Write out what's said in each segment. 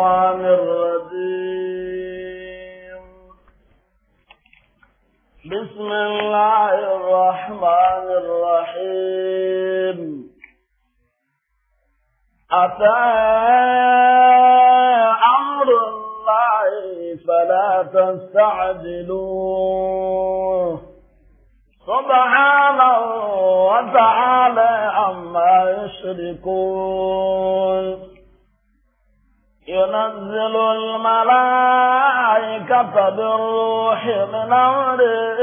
الشيطان الرجيم بسم الله الرحمن الرحيم أتى أمر الله فلا تستعجلوه سبحانه وتعالى عما يشركون ينزل الملائكة بالروح من أمره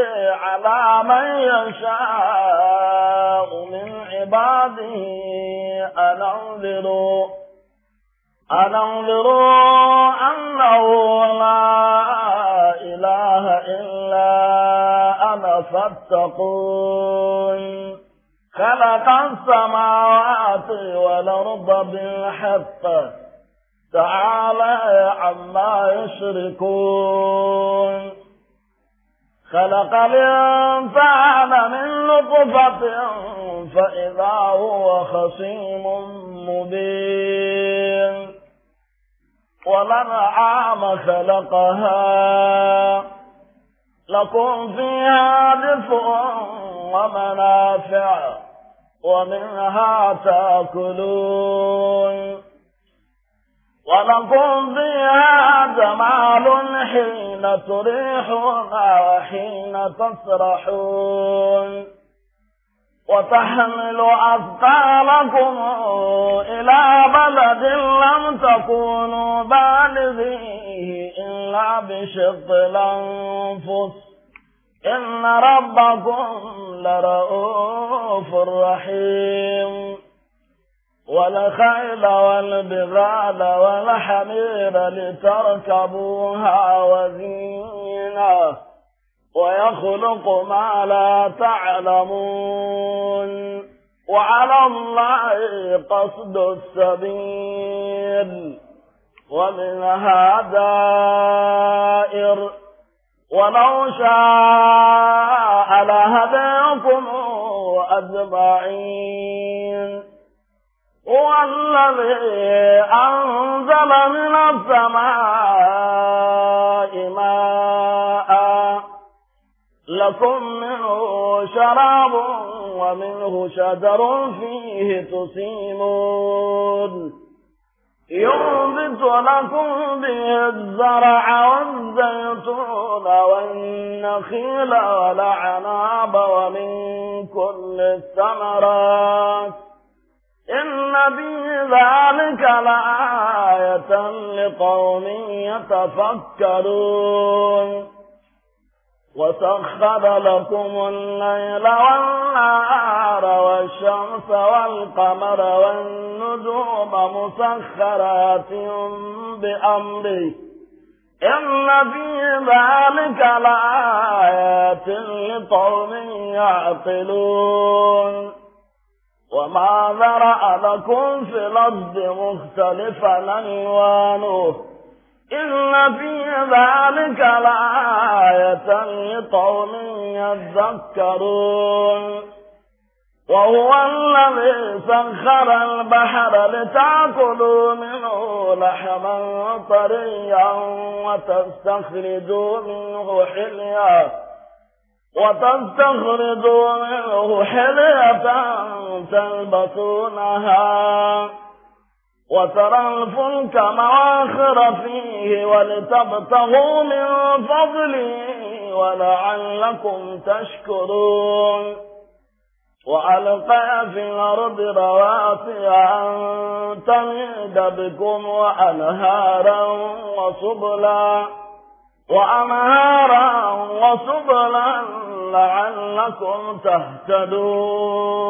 على من يشاء من عباده أن أنذروا أن أنذروا أنه لا إله إلا أنا فاتقون خلق السماوات والأرض بالحق تعالى عما يشركون خلق الإنسان من نطفة فإذا هو خصيم مبين ولنعام خلقها لكم فيها دفء ومنافع ومنها تأكلون ولكم فيها جمال حين تريحون وحين تسرحون وتحمل أثقالكم إلى بلد لم تكونوا بالغيه إلا بشق الأنفس إن ربكم لرؤوف رحيم والخيل والبغال والحمير لتركبوها وزينة ويخلق ما لا تعلمون وعلى الله قصد السبيل ومنها دائر ولو شاء لهداكم أجمعين هو الذي أنزل من السماء ماء لكم منه شراب ومنه شجر فيه تسيمون ينبت لكم به الزرع والزيتون والنخيل والعناب ومن كل الثمرات إن في ذلك لآية لقوم يتفكرون وسخر لكم الليل والنهار والشمس والقمر والنجوم مسخرات بأمره إن في ذلك لآيات لقوم يعقلون وما ذرأ لكم في الأرض مختلفا ألوانه إن في ذلك لآية لقوم يذكرون وهو الذي سخر البحر لتأكلوا منه لحما طريا وتستخرجوا منه حليا وتستخرجوا منه حلية تلبسونها وترى الفلك مواخر فيه ولتبتغوا من فضله ولعلكم تشكرون وألقى في الأرض رواسي أن تميد بكم وأنهارا وسبلا وأنهارا وسبلا لعلكم تهتدون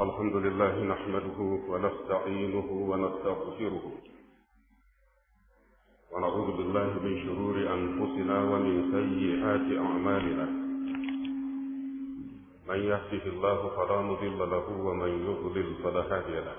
الحمد لله نحمده ونستعينه ونستغفره ونعوذ بالله من شرور أنفسنا ومن سيئات أعمالنا من يهده الله فلا مضل له ومن يضلل فلا هادي له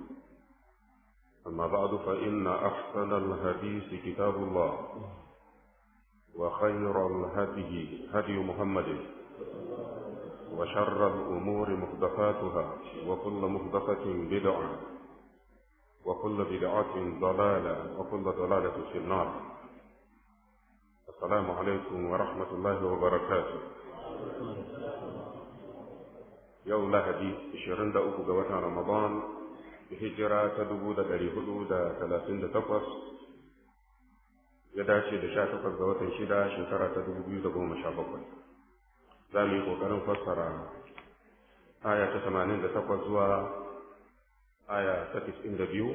أما بعد فإن أحسن الحديث كتاب الله وخير الهدي هدي محمد وشر الأمور محدثاتها وكل محدثة بدعة وكل بدعة ضلالة وكل ضلالة في النار السلام عليكم ورحمة الله وبركاته يوم لهدي 23 رمضان hijira ta dubu da ɗari hudu da talatin da takwas ya dace da sha takwas ga watan shida shekara ta dubu biyu da goma sha bakwai za mu yi ƙoƙarin fassara aya ta tamanin da takwas zuwa aya ta tis'in da biyu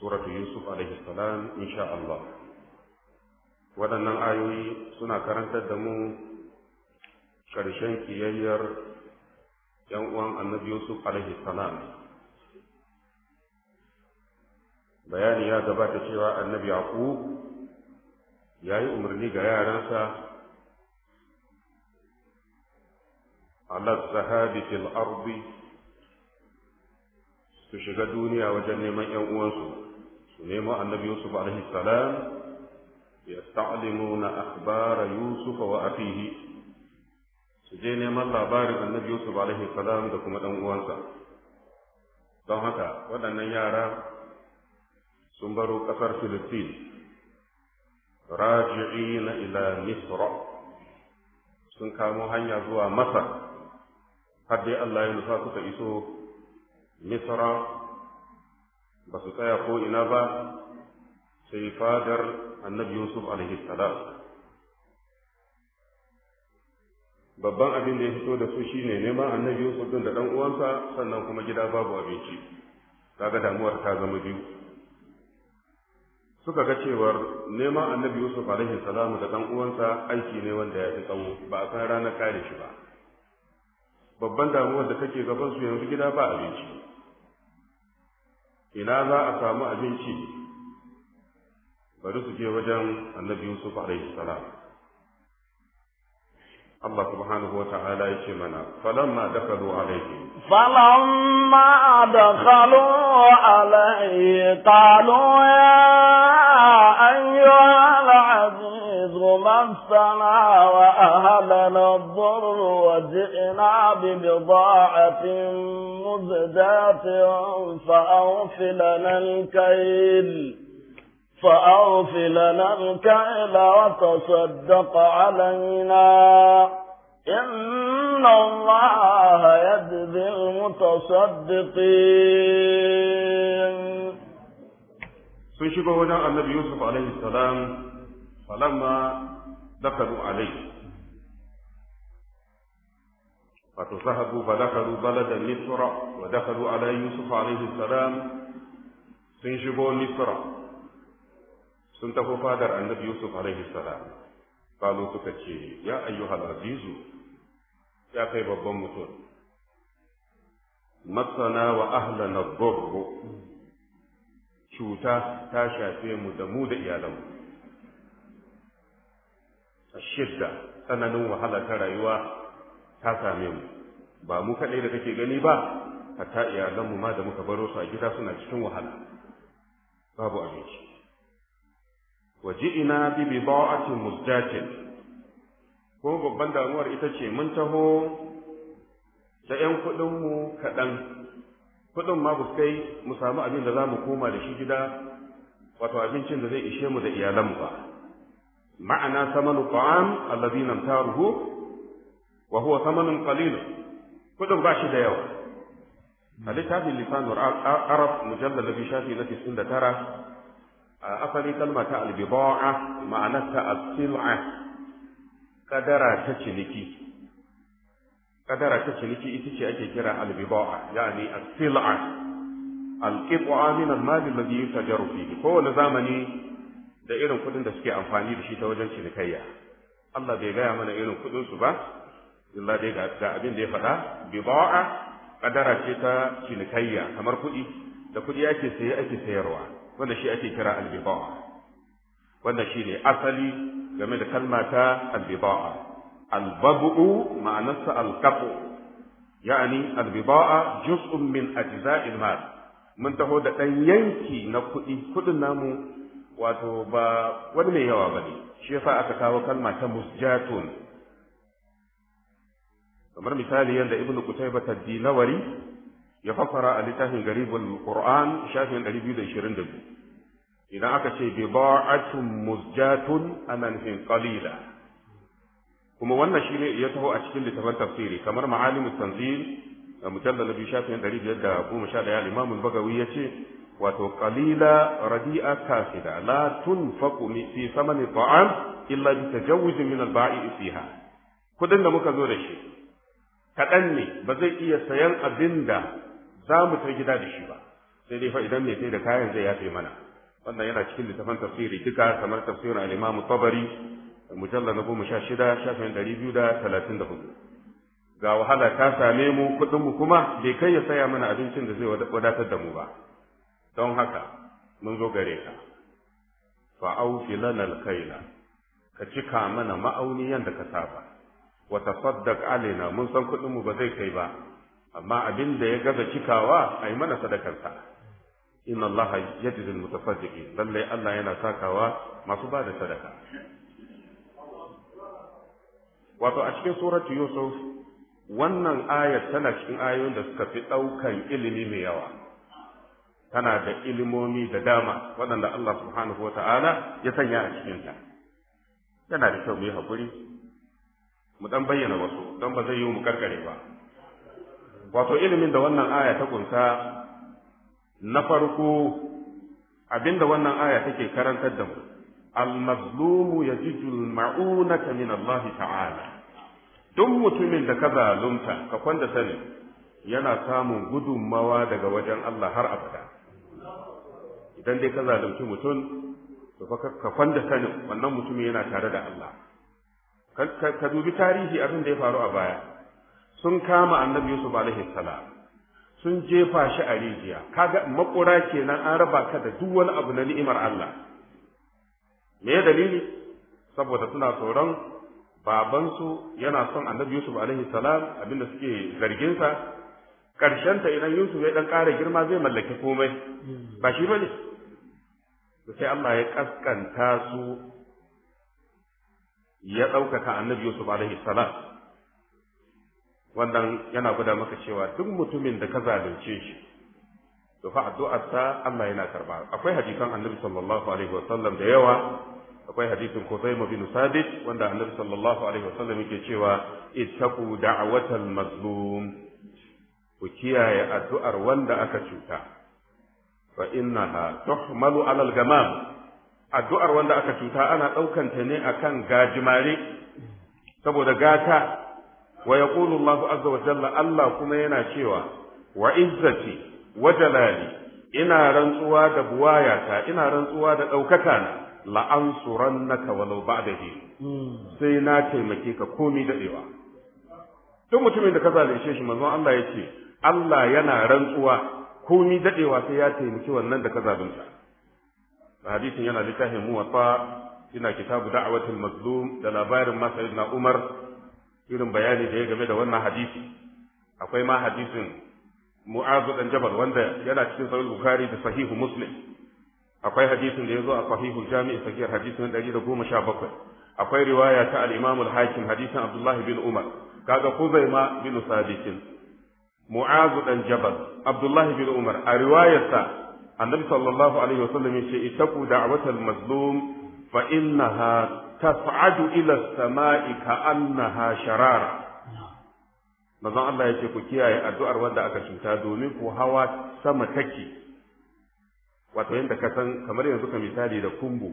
suratu yusuf alaihi salam insha Allah waɗannan ayoyi suna karantar da mu ƙarshen kiyayyar ‘yan uwan annabi yusuf alaihi salam bayani ya gabata cewa annabi yaqub ya yi umarni ga yaransa ala zahabi fil ardi su shiga duniya wajen neman ‘yan uwansu su nemo annabi Yusuf alaihi salam ya akhbara Yusuf wa afihi su je neman labarin annabi Yusuf alaihi salam da kuma ɗan uwansa don haka waɗannan yara sun baro ƙasar Filistin, raji'i na ila Misra, sun kamo hanya zuwa Masar, har dai Allah ya nufa suka iso Misra ba su tsaya ko ina ba, sai fadar annabi Yusuf salam. Babban abin da ya fito da su shine neman annabi Yusuf din da ɗan uwansa sannan kuma gida babu abinci, kaga damuwar ta zama biyu. suka ga cewar neman annabi yusuf alaihi salamu da dan uwansa aiki ne wanda ya fi tsawo ba a san ranar kare shi ba babban damuwar da take gaban su yanzu gida ba abinci ina za a samu abinci bari su je wajen annabi yusuf alaihi salam Allah subhanahu wa ta'ala ya ce mana falamma dakalu alaihi falamma dakalu alaihi qalu ya أرادنا وأهلنا الضر وجئنا ببضاعة مزداة فأوف لنا الكيل فأوف لنا الكيل وتصدق علينا إن الله يجزي المتصدقين سيشبه هنا النبي يوسف عليه السلام فلما dakalu alai wato zahabu fa dakalu balada misra wa dakalu ala yusuf alaihi salam sun shigo misra sun tafi fadar annabi yusuf alaihi salam kalu suka ce ya ayyuhal azizu ya kai babban mutum masana wa ahlana dhurru cuta ta shafe mu da mu da iyalanmu shidda tsananin wahala ta rayuwa ta same mu ba mu kaɗai da kake gani ba hatta iyalanmu ma da muka baro su a gida suna cikin wahala babu abinci wa ji'ina bi bida'atin muzdatin ko babban damuwar ita ce mun taho da ƴan kuɗinmu kaɗan kuɗin ma ba kai mu samu abin da za mu koma da shi gida wato abincin da zai ishe mu da iyalanmu ba معنى ثمن الطعام الذي نمتاره وهو ثمن قليل كل باش ديو هذه تابي لسان عرب مجلد الذي شافي التي سند ترى أصلي كلمة البضاعة معنى السلعة قدرة تشنكي قدرة تشنكي إتشي أجي كرا البضاعة يعني السلعة القطعة من المال الذي يتجر فيه هو لزامني da irin kuɗin da suke amfani da shi ta wajen cinikayya Allah bai gaya mana irin kuɗin su ba illa dai ga abin da ya faɗa bida'a kadara ce ta cinikayya kamar kuɗi da kuɗi ake saye ake sayarwa wanda shi ake kira albida'a wanda shi ne asali game da kalma ta albida'a albabu ma'anarsa alqabu ya'ani albida'a juz'un min ajza'il mal mun taho da ɗan yanki na kuɗi kuɗin namu wato ba wani mai yawa ba ne shi yasa aka kawo kalma ta musjatun kamar misali yadda ibn ad-dilawari ya fassara a littafin garibul qur'an shafin 222 idan aka ce bida'atun musjatun anan nufin qalila kuma wannan shine ya taho a cikin littafin tafsiri kamar ma'alimut tanzil a mujallal biyu shafin 511 al-imam al-bagawi yace wato qalila radi'a kasida la tunfaqu fi thamani ta'am illa bi tajawuz min al-ba'i fiha kudin da muka zo da shi kadan ne ba zai iya sayan abin da za mu ta gida da shi ba sai dai fa idan mai sai da kayan zai yafe mana wannan yana cikin littafin tafsiri duka kamar tafsirin al-Imam Tabari mujallal na goma sha shida shafin ɗari biyu da talatin da hudu ga wahala ta same mu kuɗin mu kuma bai kai ya saya mana abincin da zai wadatar da mu ba don haka mun zo gare ka auki lanal kaila ka cika mana ma'auni yadda ka saba wa tasaddaq alaina mun san kuɗin mu ba zai kai ba amma abin da ya gaza cikawa ai mana sadakarsa inna allaha yajzil mutafaddiqin lalle Allah yana sakawa masu ba da sadaka wato a cikin suratu yusuf wannan ayat tana cikin ayoyin da suka fi ɗaukan ilimi mai yawa tana da ilimomi da dama waɗanda Allah subhanahu wa ta'ala ya sanya a cikinta yana da kyau mu yi haƙuri mu ɗan bayyana wasu don ba zai yi mu karkare ba wato ilimin da wannan aya ta kunsa na farko abinda wannan aya take karantar da mu al-mazlumu yajidu al-ma'unata min Allah ta'ala duk mutumin da ka zalunta ka kwanda sani yana samun gudunmawa daga wajen Allah har abada idan dai ka zalunci mutum to fa ka fanda sani. wannan mutumin yana tare da Allah ka dubi tarihi abin da ya faru a baya sun kama annabi Yusuf alaihi salam sun jefa shi a rijiya kaga makura kenan an raba ka da duk wani abu na ni'imar Allah me ya dalili saboda suna tsoron babansu yana son annabi Yusuf alaihi salam abinda suke zargin sa ta idan Yusuf ya dan ƙara girma zai mallaki komai ba shi bane to sai Allah ya kaskanta su ya ɗaukaka annabi Yusuf alaihi salam wannan yana gwada maka cewa duk mutumin da ka zalunce shi to fa addu'arsa Allah yana karba akwai hadisan annabi sallallahu alaihi wasallam da yawa akwai hadisin Khuzaimah bin Sadid wanda annabi sallallahu alaihi wasallam yake cewa ittaqu da'watal mazlum ku kiyaye addu'ar wanda aka cuta fa innaha tuhmalu alal gamam addu'ar wanda aka cuta ana ɗaukan ta ne akan gajimare saboda gata wa yaqulu Allahu azza wa jalla Allah kuma yana cewa wa izzati wa jalali ina rantsuwa da buwayata ina rantsuwa da ɗaukaka na wa law ba'dahi sai na taimake ka komi dadewa duk mutumin da ka zalunce shi manzon Allah yace Allah yana rantsuwa komi dadewa sai ya taimaki wannan da ka zabinta. hadisin yana littafin muwatta yana kitabu watan mazlum da labarin ma na Umar irin bayani da ya game da wannan hadisi akwai ma hadisin Mu'azu dan Jabal wanda yana cikin sahih Bukhari da sahihu Muslim akwai hadisin da ya zo a sahihul Jami'i sahih hadisin bakwai akwai riwaya ta al-Imam al-Hakim hadisin abdullahi bin Umar kaga Kuzaima bin Sadiqin mu'azu ɗan jabal abdullahi bin umar a riwayarsa annabi sallallahu alaihi wasallam yace itaku da'watal watan fa innaha tas'adu ila as-sama'i ka'annaha sharara manzon Allah yace ku kiyaye addu'ar wanda aka cuta domin ku hawa sama take wato yanda ka san kamar yanzu ka misali da kumbu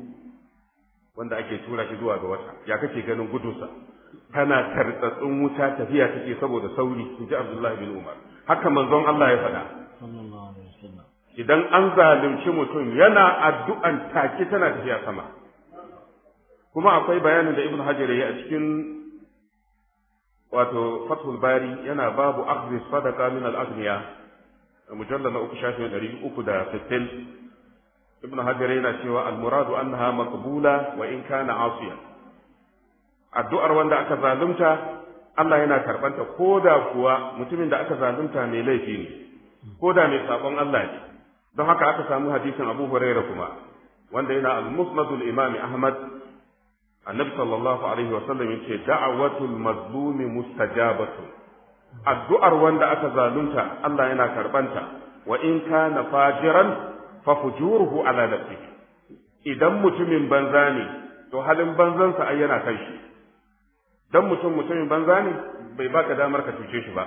wanda ake tura shi zuwa ga wata ya kake ganin gudunsa tana tartatsun wuta tafiya take saboda sauri in ji abdullahi bin umar haka manzon Allah ya faɗa idan an zalunci mutum yana addu'an take tana tafiya sama kuma akwai bayanin da ibn hajar ya a cikin wato fathul bari yana babu akhdhi sadaqa min al aghniya mujallal na uku shafin ɗari uku da sittin ibn hajar yana cewa al muradu annaha maqbula wa in kana asiya addu'ar wanda aka zalunta Allah yana karɓanta ko da kuwa mutumin da aka zalunta mai laifi ne ko da mai sabon Allah ne don haka aka samu hadisin Abu Hurairah kuma wanda yana al musnadul imam Ahmad annabi sallallahu alaihi wa sallam yace da'awatul mazlumi mustajabatu addu'ar wanda aka zalunta Allah yana karɓanta wa in kana fajiran fa fujuruhu ala nafsihi idan mutumin banza ne to halin banzansa ai yana kai shi dan mutum mutumin banza ne bai baka damar ka cuce shi ba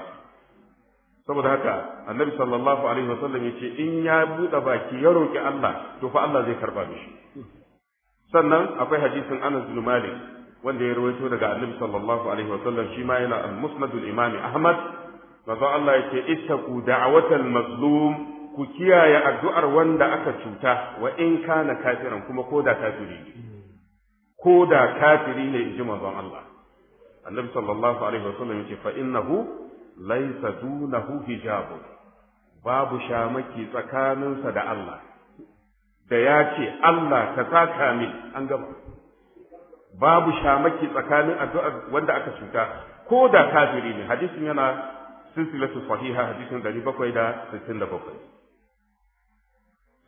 saboda haka annabi sallallahu alaihi wasallam yace in ya buɗe baki ya roki Allah to fa Allah zai karba shi? sannan akwai hadisin Anas bin Malik wanda ya rawaito daga annabi sallallahu alaihi wasallam shi ma yana al-musnad al-imam Ahmad manzo Allah yace ittaku da'watal mazlum ku kiyaye addu'ar wanda aka cuta wa in kana kafiran kuma koda kafiri ne koda kafiri ne in ji Allah annabi sallallahu alaihi wa sallam yake fa innahu laysa dunahu hijabun babu shamaki tsakaninsa da Allah da ya ce Allah ka saka min an gaba babu shamaki tsakanin addu'a wanda aka cuta ko da kafiri ne hadisin yana silsilatu sahiha hadisin 767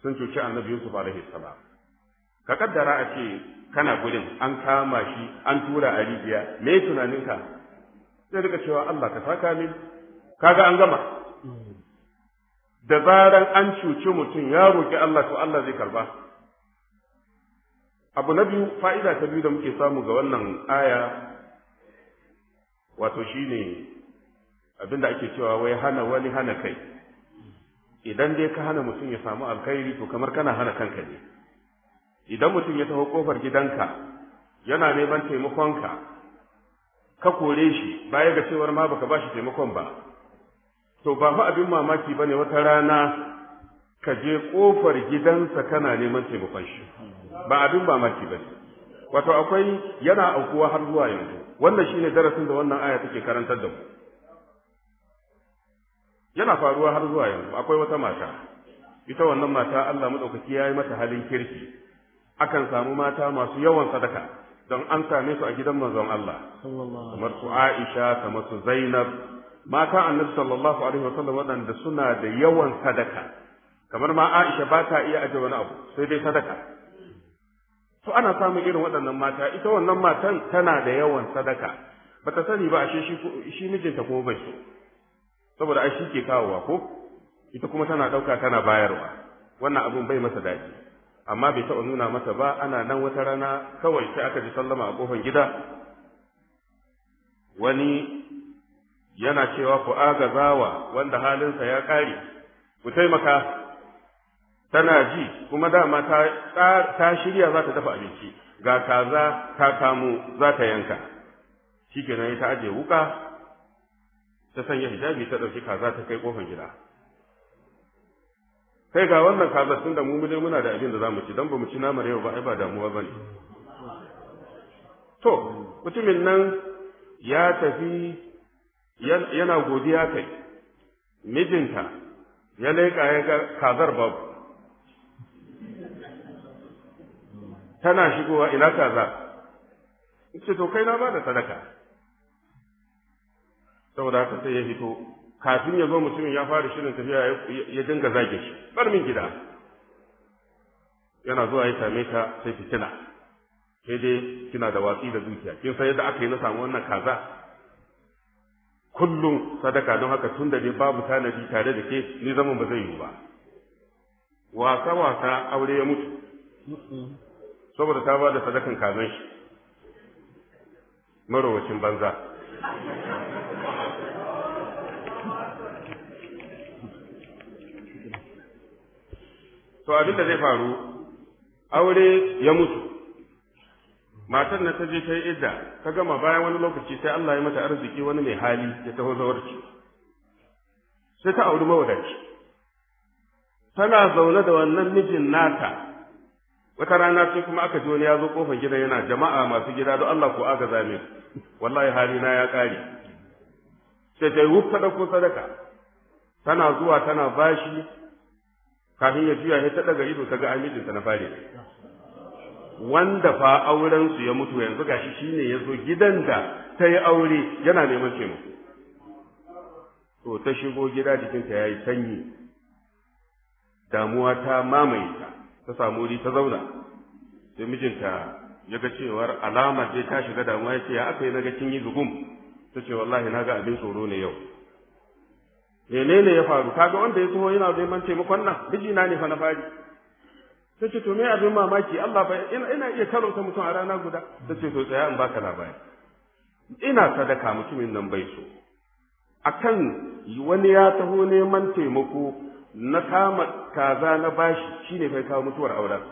sun cuci annabi Yusuf alaihi salam ka kaddara a ce kana gurin an kama shi an tura a rijiya me tunaninka sai rika cewa Allah ka saka min kaga an gama da zaran an cuci mutum ya roki Allah to Allah zai karba abu na biyu fa'ida ta biyu da muke samu ga wannan aya wato shine abinda ake cewa wai hana wani hana kai idan dai ka hana mutum ya samu alkhairi to kamar kana hana kanka ne idan mutum ya taho kofar gidanka yana neman taimakonka ka kore shi baya ga cewar ma baka bashi taimakon ba to ba fa abin mamaki bane wata rana ka je kofar gidansa kana neman taimakon shi ba abin mamaki bane wato akwai yana aukuwa har zuwa yanzu wannan shine darasin da wannan aya take karantar da mu yana faruwa har zuwa yanzu akwai wata mata ita wannan mata Allah madaukaki yayi mata halin kirki akan samu mata masu yawan sadaka don an same su a gidan manzon Allah kamar su Aisha kamar su Zainab mata annabi sallallahu alaihi wasallam waɗanda suna da yawan sadaka kamar ma Aisha ba ta iya aje wani abu sai dai sadaka to ana samun irin waɗannan mata ita wannan matan tana da yawan sadaka bata sani ba ashe shi shi mijinta ko bai so saboda ai shi ke kawowa ko ita kuma tana ɗauka tana bayarwa wannan abin bai masa daɗi amma bai taɓa nuna mata ba ana nan wata rana kawai sai aka ji sallama a ƙofar gida wani yana cewa ku agazawa wanda halinsa ya ƙare ku taimaka tana ji kuma dama ta, ta shirya za ta dafa abinci ga kaza ta kamu za ta yanka shi kenan ta ajiye wuka ta sanya hijabi ta ɗauki kaza ta kai ƙofar gida kai ga wannan kaza tun da mu muje muna da abin da zamu ci dan ba mu ci namar yau ba ai ba damuwa ne. to mutumin nan ya tafi yana godiya kai mijinta ya leƙa ya ga kazar babu tana shigowa ina kaza ce to kai na ba da sadaka saboda haka sai ya fito kafin ya zo mutumin ya fara shirin tafiya ya dinga zage shi bar min gida yana zuwa ya same ta sai fitina sai dai kina da watsi da zuciya. kin san yadda aka yi na samu wannan kaza kullum sadaka don haka tun da dai babu tanadi tare da ke ni zaman ba zai yiwu ba wasa wasa aure ya mutu saboda ta ba da sadakan kazan shi marowacin banza to abin da zai faru aure ya mutu Matar na ta je ta yi idda ta gama bayan wani lokaci sai Allah ya mata arziki wani mai hali ya taho zawarci sai ta auri mawadaci tana zaune da wannan mijin nata wata rana sai kuma aka ji wani ya zo kofar gida yana jama'a masu gida don Allah ko aka zame wallahi hali na ya kare sai ta yi wuf sadaka tana zuwa tana bashi kafin ya juya ta daga ido ta ga mijinta na fari wanda fa auren su ya mutu yanzu gashi shine ya zo gidan da ta yi aure yana neman taimako to ta shigo gida jikinta ya yi sanyi damuwa ta mamaye ta ta samu wuri ta zauna sai mijinta ya ga cewar alamar dai ta shiga damuwa ya ce ya aka yi na ga kin yi zugum ta ce wallahi na ga abin tsoro ne yau menene ya faru kaga wanda ya taho yana neman taimakon nan mijina ne fa na fari ta ce to me abin mamaki Allah fa ina iya karanta mutum a rana guda ta ce to tsaya in baka labari ina sadaka mutumin nan bai so akan wani ya taho neman taimako na kama kaza na bashi shine fa kawo mutuwar auren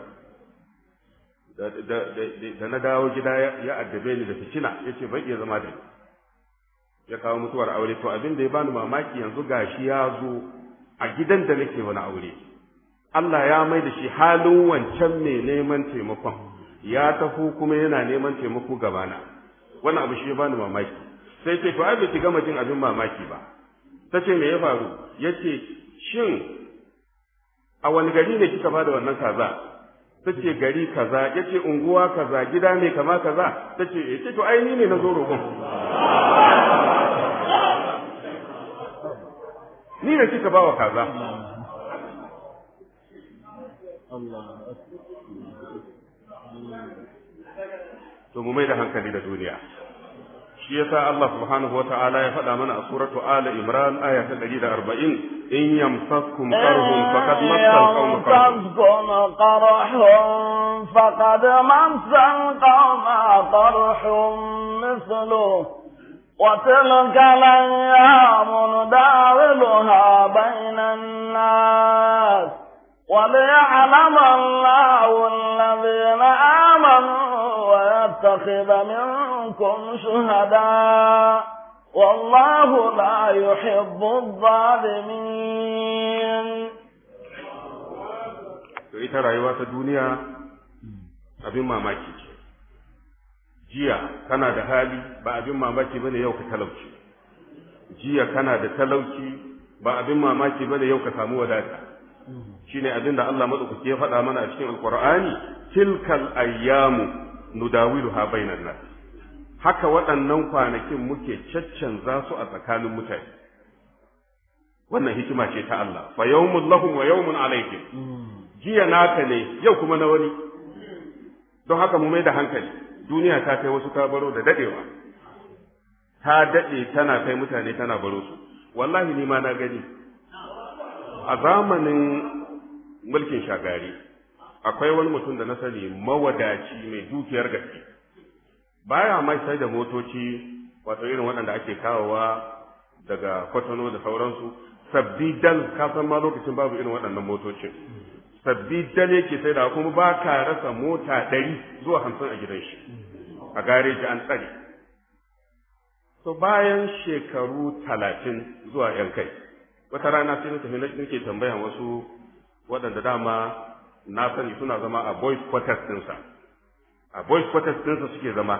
da na dawo gida ya addabe ni da fitina yace bai iya zama da ni ya kawo mutuwar aure to abin da ya bani mamaki yanzu gashi ya zo a gidan da nake wani aure Allah ya mai da shi halin wancan mai neman taimakon ya tafi kuma yana neman taimako gabana wannan abu shi ya bani mamaki sai ce to ai bai gama jin abin mamaki ba ta ce me ya faru ya ce shin a wani gari ne kika bada wannan kaza ta ce gari kaza ya ce unguwa kaza gida ne kama kaza eh, ta ce to ai ni ne na zo rogon ni ne kika bawa kaza to mu mai da hankali da duniya shi yasa Allah subhanahu wataala ya faɗa mana a suratu ala Imran aya ta 140 in yamsakum qarhun faqad massal qawma qarhun faqad massal qawma qarhun mithluhu وتلك الأيام نداولها بين الناس وليعلم الله الذين آمنوا ويتخذ منكم شهداء والله لا يحب الظالمين ita rayuwa ta duniya abin mamaki jiya kana da hali ba abin mamaki bane yau ka talauci jiya kana da talauci ba abin mamaki bane yau ka samu wadata shine abin da Allah madaukake ya faɗa mana a cikin alqur'ani tilkal ayyamu nudawiluha bainan nas haka waɗannan kwanakin muke za su a tsakanin mutane wannan hikima ce ta Allah fa yawmun lahum wa yawmun alaykum mm. jiya naka ne yau kuma na wani don haka mu mai da hankali duniya ta kai wasu ta baro da dadewa ta dade tana kai mutane tana baro su wallahi ni ma na gani a zamanin mulkin shagari akwai wani mutum da na sani mawadaci mai dukiyar gaske baya mai sai da motoci wato irin waɗanda ake kawowa daga kwatano da sauransu sabbi dal ka san ma lokacin babu irin waɗannan motocin sabbi dal yake sai da kuma ba ka rasa mota ɗari zuwa hamsin a gidan shi a gareji an tsare to bayan shekaru talatin zuwa yan kai wata rana sai tafi nake tambayan wasu waɗanda dama na sani suna zama a boy quarters ɗinsa a boy quarters ɗinsa suke zama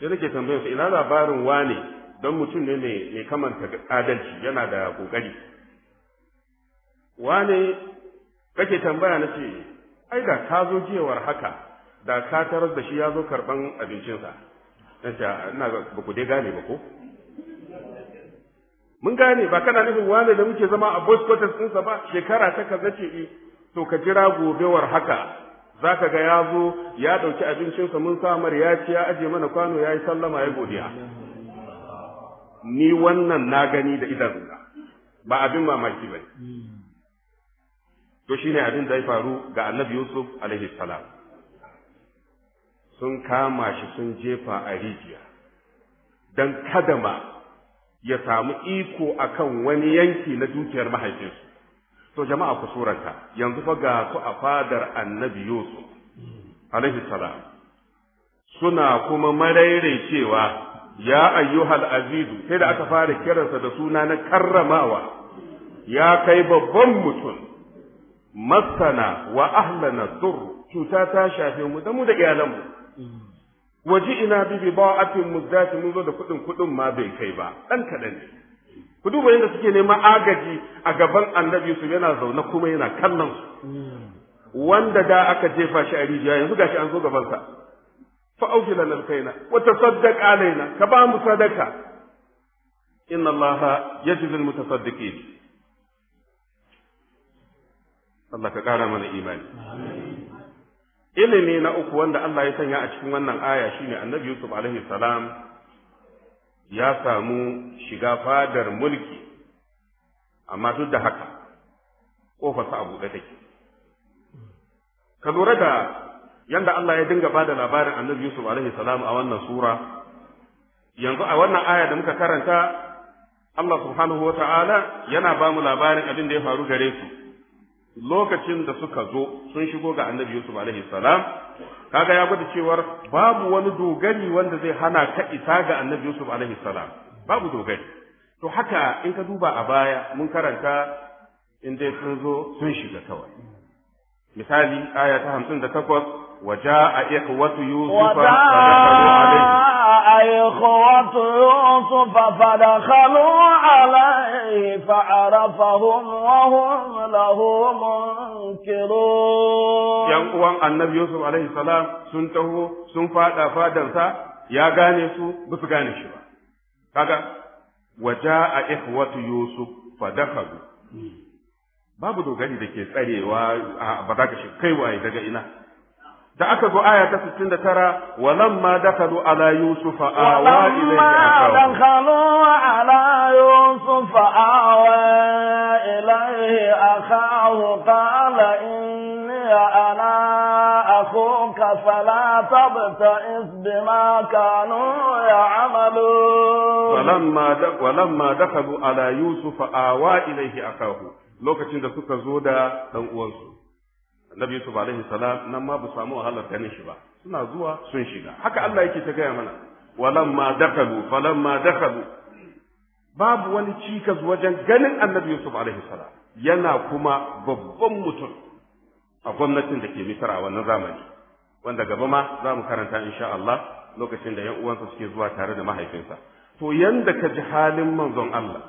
sai nake tambayan su ina labarin wane don mutum ne mai kamanta adalci yana da ƙoƙari wane kake tambaya na ce ai da ka zo jiyawar haka da ka tarar da shi ya zo karban abincinsa nace ina ba ku dai gane ba ko mun gane ba kana nufin wane da muke zama a boys quarters ɗinsa ba shekara ta kaza ce eh to ka jira gobewar haka za ka ga ya zo ya ɗauki abincinsa mun samar ya ci ya aje mana kwano ya yi sallama ya godiya ni wannan na gani da idanuna ba abin mamaki ba hmm. to shine abin da ya faru ga annabi yusuf alaihi salam sun kama shi sun jefa a rijiya don kada ma ya samu iko akan wani yanki na dukiyar mahaifinsu to jama'a ku surata. yanzu fa ga su a fadar annabi yusuf alaihi salam suna kuma maraire cewa ya ayyuhal azizu sai da aka fara kiransa da suna na karramawa ya kai babban mutum masana wa ahlana zur cuta ta shafe mu da mu da iyalanmu waji ina ba bi fi muzdati mun zo da kudin kudin ma bai kai ba dan kadan ne ku duba yadda suke neman agaji a gaban annabi su yana zaune kuma yana kallon wanda da aka jefa shi a rijiya yanzu gashi an zo gaban sa fa aujila lal kaina wa tasaddaq alaina ka ba mu sadaka inna allaha yajzi al mutasaddiqin Allah ka kara mana imani ilimi na uku wanda Allah ya sanya a cikin wannan aya shine annabi Yusuf alaihi salam ya samu shiga fadar mulki amma duk da haka kofar sa abu da take ka lura da yanda Allah ya dinga bada labarin annabi Yusuf alaihi salam a wannan sura yanzu a wannan aya da muka karanta Allah subhanahu wa ta'ala yana ba mu labarin abin da ya faru gare su lokacin da suka zo sun shigo ga annabi Yusuf alaihi salam kaga ya gwada cewa babu wani dogari wanda zai hana ka isa ga annabi Yusuf alaihi salam babu dogari to haka in ka duba a baya mun karanta in dai sun zo sun shiga kawai misali aya ta hamsin da وجاء إخوة يوسف فدخلوا عليه إخوة ‘Yan uwan annabi Yusuf alaihi salam sun taho sun fada fadansa ya gane su ba su gane shi ba. Kaga, waja a ikhwatu Yusuf fadakalu. Babu dogari da ke tsarewa ba za ka shi kai waye daga ina. da aka zo aya ta 69 walamma dakalu ala yusufa awa dakalu walamma dakalu ala yusufa awa ilayhi akahu lokacin da suka zo da dan uwansu annabi yusuf alaihi salam nan ma ba samu wahalar ganin shi ba suna zuwa sun shiga haka Allah yake ta gaya mana walamma dakalu falamma dakalu babu wani cikas wajen ganin annabi yusuf alaihi salam yana kuma babban mutum a gwamnatin da ke misra a wannan zamani wanda gaba ma za mu karanta insha Allah lokacin da yan uwansa suke zuwa tare da mahaifinsa to yanda ka ji halin manzon Allah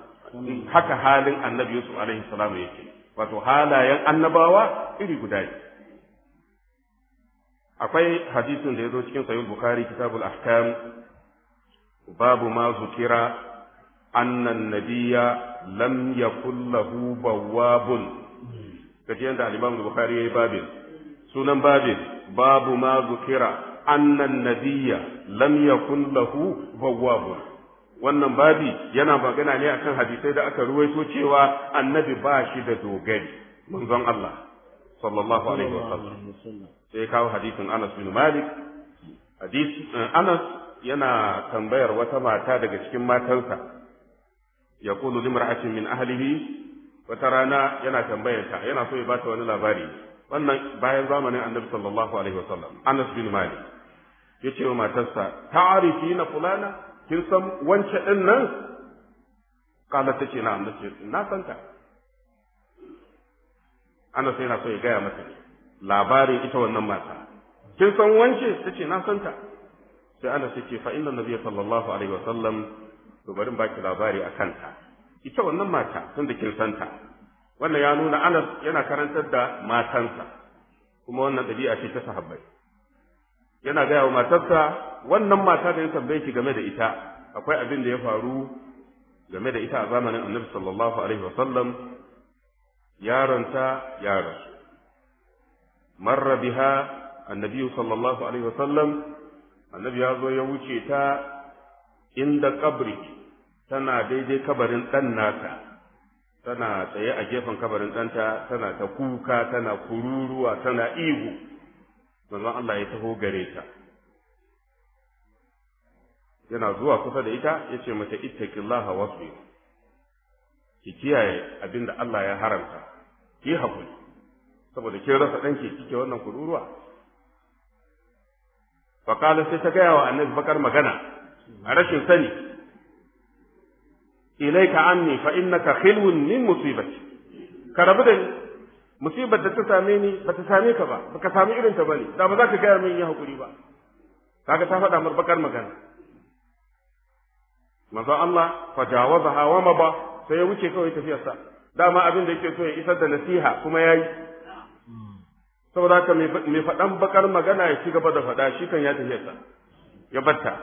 haka halin annabi yusuf alaihi salam yake wato halayen annabawa iri guda ne akwai hadisin da ya zo cikin sahih bukhari kitabul ahkam babu ma zukira annan nabiyya lam yakul lahu bawabun kaji yanda al-imam bukhari yi babin sunan babin babu ma zukira annan nabiyya lam yakul lahu bawabun wannan babi yana magana ne akan hadisai da aka ruwaito cewa annabi ba shi da dogari manzon Allah sallallahu alaihi wasallam sai kawo hadisin Anas bin Malik hadis eh, Anas yana tambayar wata mata daga cikin matansa ya kulu limra'atin min ahlihi wata rana yana tambayar ta yana so ya bata wani labari wannan bayan zamanin annabi sallallahu alaihi wasallam Anas bin Malik yace wa matarsa na fulana kin san wance din nan kala ta ce na nace na san ta ana sai na so ya gaya mata labarin ita wannan mata kin san wance ta ce na san ta sai ana sai ce fa inna nabiyyi sallallahu alaihi wasallam to bari baki labari akan ta ita wannan mata tun da kin san ta wannan ya nuna Anas yana karantar da matansa kuma wannan dabi'a ce ta sahabbai yana gaya wa matarsa wannan mata da ya tambaye ki game da ita akwai abin da ya faru game da ita a zamanin annabi sallallahu alaihi yaronta ya marra biha annabi sallallahu alaihi sallam annabi ya zo ya wuce ta inda kabri tana daidai kabarin dan nata tana tsaye a gefen kabarin ɗanta tana ta kuka tana kururuwa tana ihu manzon Allah ya taho gare ta yana zuwa kusa da ita ya ce mata ittaqillaha wasbir ki kiyaye abinda Allah ya haramta ki hakuri saboda kin rasa danki kike wannan kururuwa kala sai ta gaya wa annabi bakar magana a rashin sani ilaika anni fa innaka khilwun min musibati ka rabu da musibar da ta same ni ba ta same ka ba baka sami irin ta bane da ba za ka gaya min yi hakuri ba kaga ta faɗa mar bakar magana manzo Allah fa jawazaha wa maba sai ya wuce kawai tafiyarsa dama abin da yake so ya isar da nasiha kuma yayi saboda haka mai faɗan bakar magana ya ci gaba da faɗa shi kan ya tafiyarsa ya batta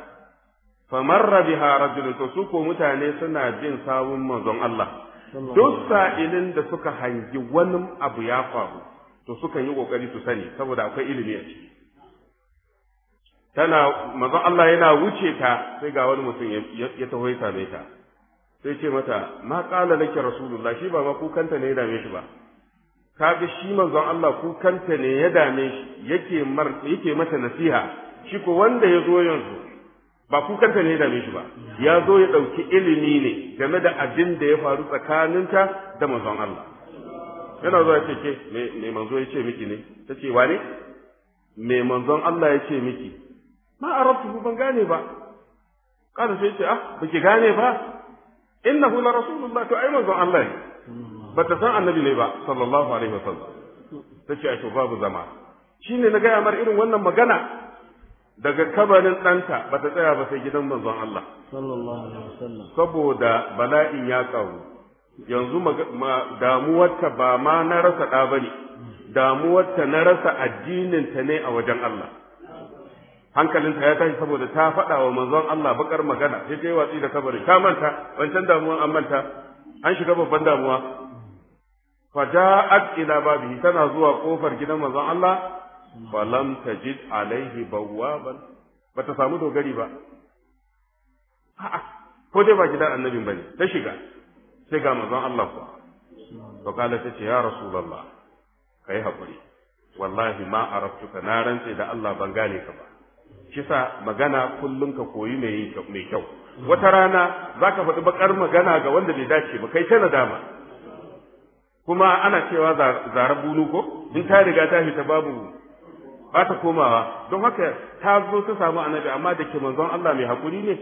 fa marra biha rajulun to su ko mutane suna jin sawun manzon Allah duk sa'ilin da suka hangi wani abu ya faru to sukan yi kokari su sani saboda akwai ilimi a ciki tana maza Allah yana wuce ta sai ga wani mutum ya taho ya same ta sai ce mata ma qala laki rasulullah shi ba ma kukanta ne ya dame shi ba ga shi manzon Allah kukanta ne ya dame shi yake mata nasiha shi ko wanda ya zo yanzu ba kukanta ne dame shi ba ya zo ya ɗauki ilimi ne game da abin da ya faru tsakaninta da manzon Allah yana zuwa ce ke me manzo ya ce miki ne ta ce wani me manzon Allah ya ce miki ma arabtu ban gane ba kada sai ce ah baki gane ba innahu la rasulullah to ai manzon Allah ne ta san annabi ne ba sallallahu alaihi wasallam ce ai to babu zama shine na gaya mar irin wannan magana daga kabarin ɗanta ba ta tsaya ba sai gidan manzon Allah saboda bala'in ya tsaro, yanzu damuwarta ba ma na rasa ɗa bane damuwarta na rasa addininta ne a wajen Allah hankalinta ya tashi saboda ta faɗa wa manzon Allah bakar magana sai ta yi watsi da kabarin ta manta wancan damuwan an manta an shiga babban damuwa Fa ja'at ila babihi tana zuwa kofar gidan manzon Allah falam tajid alaihi bawwaban bata samu dogari ba a'a ko dai ba gidan annabin bane ta shiga sai ga manzon Allah kuwa to kala ce ya rasulullah kai hakuri wallahi ma araftuka na rantse da Allah ban gane ka ba kisa magana kullun ka koyi mai mai kyau wata rana zaka faɗi bakar magana ga wanda bai dace ba kai ta nadama kuma ana cewa zara bulu ko in ta riga ta fita babu ba ta komawa don haka ta zo ta samu annabi amma da ke manzon Allah mai hakuri ne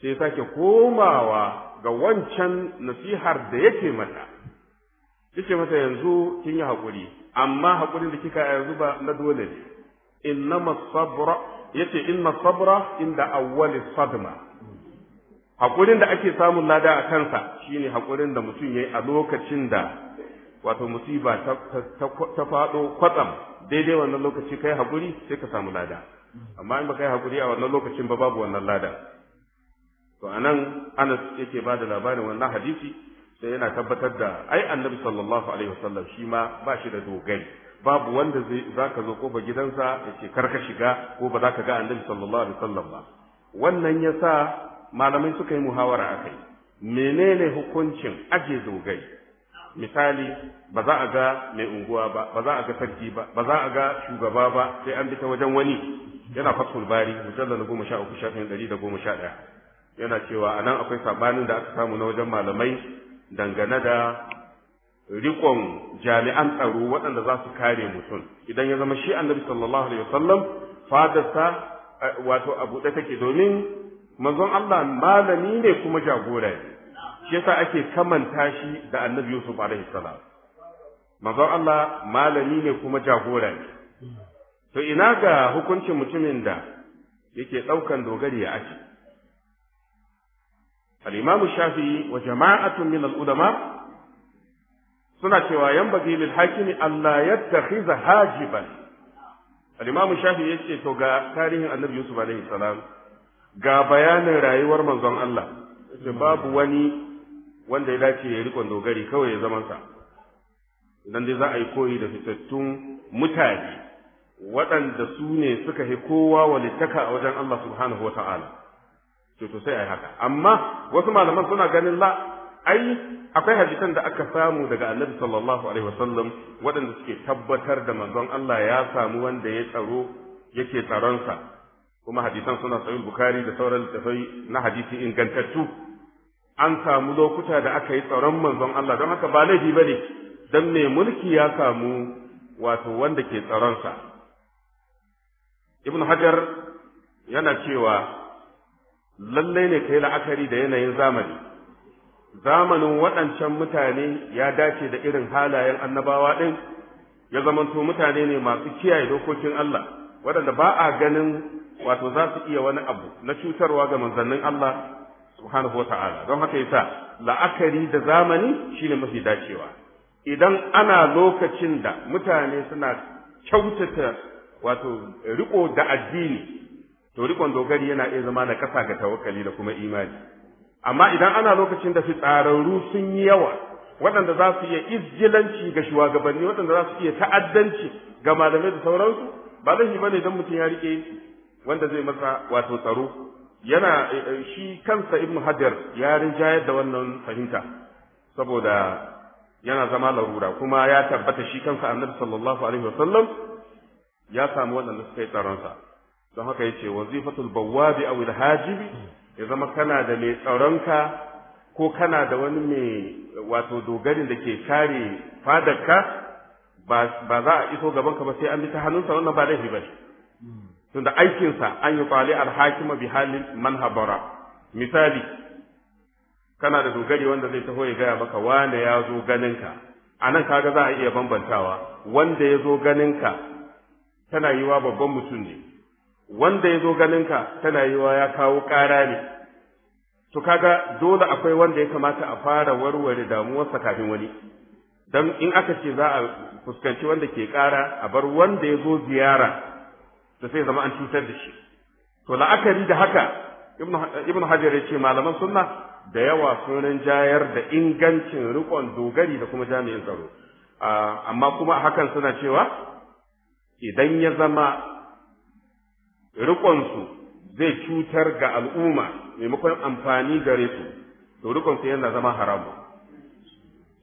sai ya sake komawa ga wancan nasihar da yake mata yake mata yanzu kin yi hakuri amma hakurin da kika yanzu ba na dole ne innama sabra yace inna sabra inda awwali sadma hakurin da ake samun lada a kansa shine hakurin da mutum yayi a lokacin da wato musiba ta faɗo kwatsam daidai wannan lokaci kai hakuri sai ka samu lada amma in ba kai hakuri a wannan lokacin ba babu wannan lada to anan Anas yake ba da labarin wannan hadisi sai yana tabbatar da ai annabi sallallahu alaihi wasallam shi ma ba shi da dogari babu wanda zai zaka zo ko ba gidansa yace kar ka shiga ko ba za ka ga annabi sallallahu alaihi wasallam ba wannan yasa malamai suka yi muhawara akai menene hukuncin aje dogari misali ba za a ga mai unguwa ba ba za a ga sarki ba ba za a ga shugaba ba sai an bi ta wajen wani yana fatul bari mujallal goma sha uku shafin ɗari da goma sha ɗaya yana cewa a nan akwai sabanin da aka samu na wajen malamai dangane da rikon jami'an tsaro waɗanda za su kare mutum idan ya zama shi annabi sallallahu alaihi wasallam fadarsa eh, wato abu buɗe take domin manzon Allah malami ne kuma jagora ne shi yasa ake kamanta shi da annabi Yusuf alaihi salam manzon Allah malami ne kuma jagora ne to ina ga hukuncin mutumin da yake ɗaukan dogari ya ake al-imam shafi'i wa jama'atun min al-ulama suna cewa yan bagi lil hakimi Allah yattakhiza hajiban al-imam shafi'i yace to ga tarihin annabi Yusuf alaihi salam ga bayanin rayuwar manzon Allah babu wani wanda ya dace ya rikon dogari kawai ya zaman sa idan dai za a yi koyi da fitattun mutane waɗanda su ne suka yi kowa walittaka a wajen Allah subhanahu wata'ala to to sai a yi haka amma wasu malaman suna ganin la ai akwai hadisan da aka samu daga annabi sallallahu alaihi wasallam waɗanda suke tabbatar da manzon Allah ya samu wanda ya tsaro yake tsaronsa kuma hadisan suna sahih bukhari da sauran littafai na hadisi ingantattu an samu lokuta da aka yi tsaron manzon Allah don haka ba laifi bane dan mai mulki ya samu wato wanda ke tsaronsa ibn hajar yana cewa lallai ne kai la'akari da yanayin zamani zamanin waɗancan mutane ya dace da irin halayen annabawa ɗin ya zamanto mutane ne masu kiyaye dokokin Allah waɗanda ba a ganin wato za su iya wani abu na cutarwa ga manzannin Allah subhanahu wa ta'ala don haka yasa la'akari da zamani shine mafi dacewa idan ana lokacin da mutane suna kyautata wato riko da addini to rikon dogari yana iya zama na kasa ga tawakkali da kuma imani amma idan ana lokacin da fitsararru sun yi yawa waɗanda za su iya izjilanci ga shugabanni waɗanda za su iya ta'addanci ga malamai da sauransu ba zai bane idan mutum ya rike wanda zai masa wato tsaro yana eh, eh, shi kansa ibnu hajar ya rinjayar da wannan fahimta saboda yana zama larura kuma ya tabbata shi kansa annabi sallallahu alaihi wasallam ya samu wannan suka yi tsaronsa don haka yace wazifatul bawwabi aw hajibi ya zama kana da mai tsaronka ko kana da wani mai wato dogarin da ke kare fadarka ba za a iso gaban ka ba sai an bi ta hannunsa wannan ba laifi ba ne tunda aikinsa an yi tsali alhakima bi halin manhabara misali kana da dogari wanda zai taho ya gaya maka wane ya zo ganinka a nan kaga za a iya bambantawa wanda ya zo ganinka tana yi wa babban mutum ne wanda ya zo ganinka tana yi wa ya kawo ƙara ne to kaga dole akwai wanda ya kamata a fara warware damuwarsa kafin wani dan in aka ce za a fuskanci wanda ke ƙara a bar wanda ya zo ziyara da sai zama an cutar da shi to la'akari da haka ibnu hajar ya ce malaman sunna da yawa sunan jayar da ingancin rikon dogari da kuma jami'in tsaro amma kuma hakan suna cewa idan ya zama rikonsu zai cutar ga al'umma maimakon amfani gare su to rikonsu yana zama haramu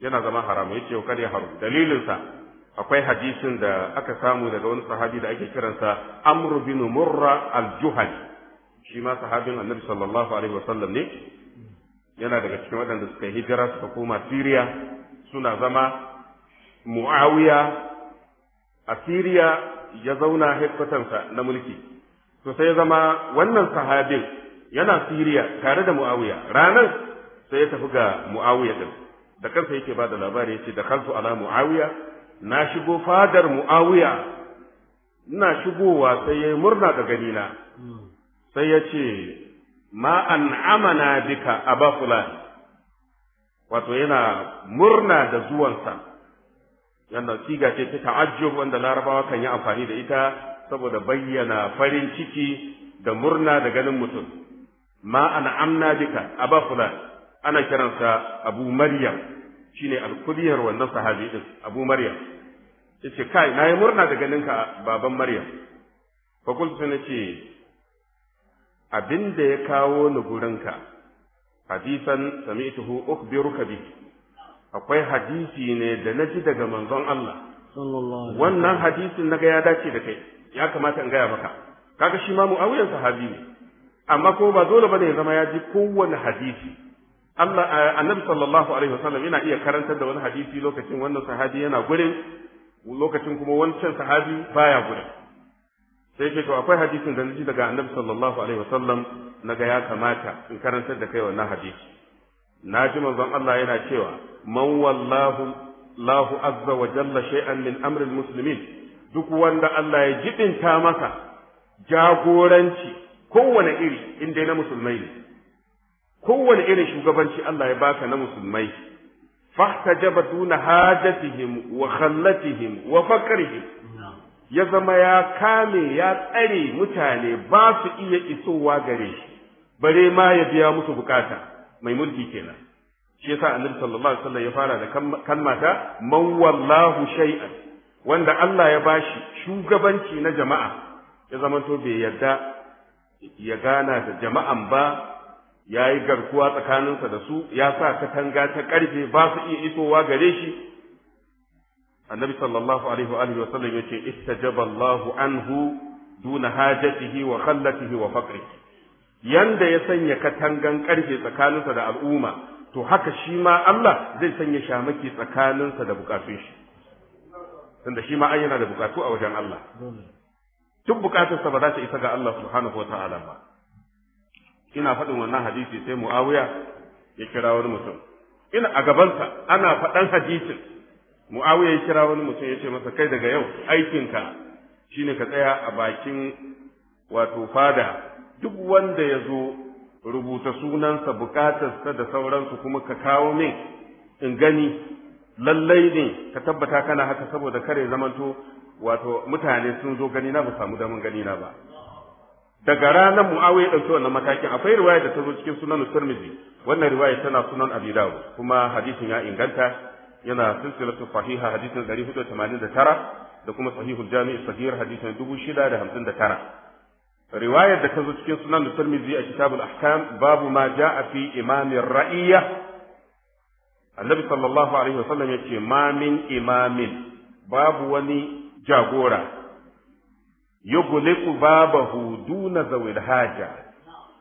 yana zama haramu Ya yace kada ya haru dalilinsa akwai hadisin da aka samu daga wani sahabi da ake kiransa amru bin murra al-juhani shi ma sahabin annabi sallallahu alaihi wasallam ne yana daga cikin waɗanda suka hijira suka koma siriya suna zama muawiya a siriya ya zauna hekwatansa na mulki to sai ya zama wannan sahabin yana siriya tare da muawiya ranar sai ya tafi ga muawiya din da kansa yake ba da labari ce da kansu ala muawiya na shigo fadar mu'awiya ina shigowa sai ya murna ga ganina sai ya ce ma an amana bika aba wato yana murna da zuwansa yadda siga ce ta ta'ajjub wanda larabawa kan yi amfani da ita saboda bayyana farin ciki da murna da ganin mutum ma an amna bika aba ana kiransa abu maryam shine alkunyar wannan sahabi din Abu Maryam yace kai na yi murna da ganin ka baban Maryam fa kultu nace abinda ya kawo ni gurinka hadisan sami'tuhu ukhbiruka bi akwai hadisi ne da naji daga manzon Allah wannan hadisin naga ya dace da kai ya kamata in gaya maka kaga shi ma mu'awiyan sahabi ne amma ko ba dole bane ya zama ya ji kowane hadisi Allah eh, annabi sallallahu alaihi wasallam yana iya karantar da wani hadisi lokacin wannan sahabi yana gurin lokacin kuma wancan sahabi baya gurin sai ke to akwai hadisin da naji daga annabi sallallahu alaihi wasallam naga ya kamata in karantar da kai wannan hadisi ji manzon Allah yana cewa man wallahu lahu azza wa jalla shay'an min amri duk wanda Allah ya jiɗinta masa jagoranci kowane iri in dai na musulmai ne kowane irin shugabanci Allah ya baka na musulmai fahtajaba duna hajatihim wa khallatihim wa faqrihim ya zama ya kame ya tsare mutane ba su iya isowa gare shi bare ma ya biya musu bukata mai mulki kenan shi yasa annabi sallallahu alaihi wasallam ya fara da kalmata man wallahu shay'an wanda Allah ya bashi shugabanci na jama'a ya zama to bai yarda ya gana da jama'an ba ya yi garkuwa tsakaninsa da su ya sa katanga ta ƙarfe ba su iya isowa gare shi annabi sallallahu alaihi wa alihi wa sallam yace istajaba Allahu anhu duna hajatihi wa khallatihi wa faqrihi yanda ya sanya katangan ƙarfe tsakaninsa da al'umma to haka shi ma Allah zai sanya shamaki tsakaninsa da bukatun shi tunda shi ma ayyana da bukatu a wajen Allah duk bukatarsa ba za ta isa ga Allah subhanahu wa ta'ala ba ina faɗin wannan hadisi sai muawiya ya kira wani mutum ina a gabansa ana faɗan hadisin muawiya ya kira wani mutum ya ce masa kai daga yau aikinka shine ka tsaya a bakin wato fada duk wanda ya zo rubuta sunansa bukatarsa da sauransu kuma ka kawo min in gani lallai ne ka tabbata kana haka saboda kare zamanto wato mutane sun zo gani na ba samu damin gani na ba daga ranar muawiya dauki wannan matakin akwai riwaya da ta zo cikin sunan tirmidhi wannan riwaya tana sunan abi dawud kuma hadisin ya inganta yana silsilatu sahiha hadisin 489 da kuma sahihul jami' sahih hadisin 659 riwayar da ta zo cikin sunan tirmidhi a kitabul ahkam babu ma jaa fi imamir ra'iyya annabi sallallahu alaihi wasallam yace ma min imamin babu wani jagora yughliqu babahu duna zawil haja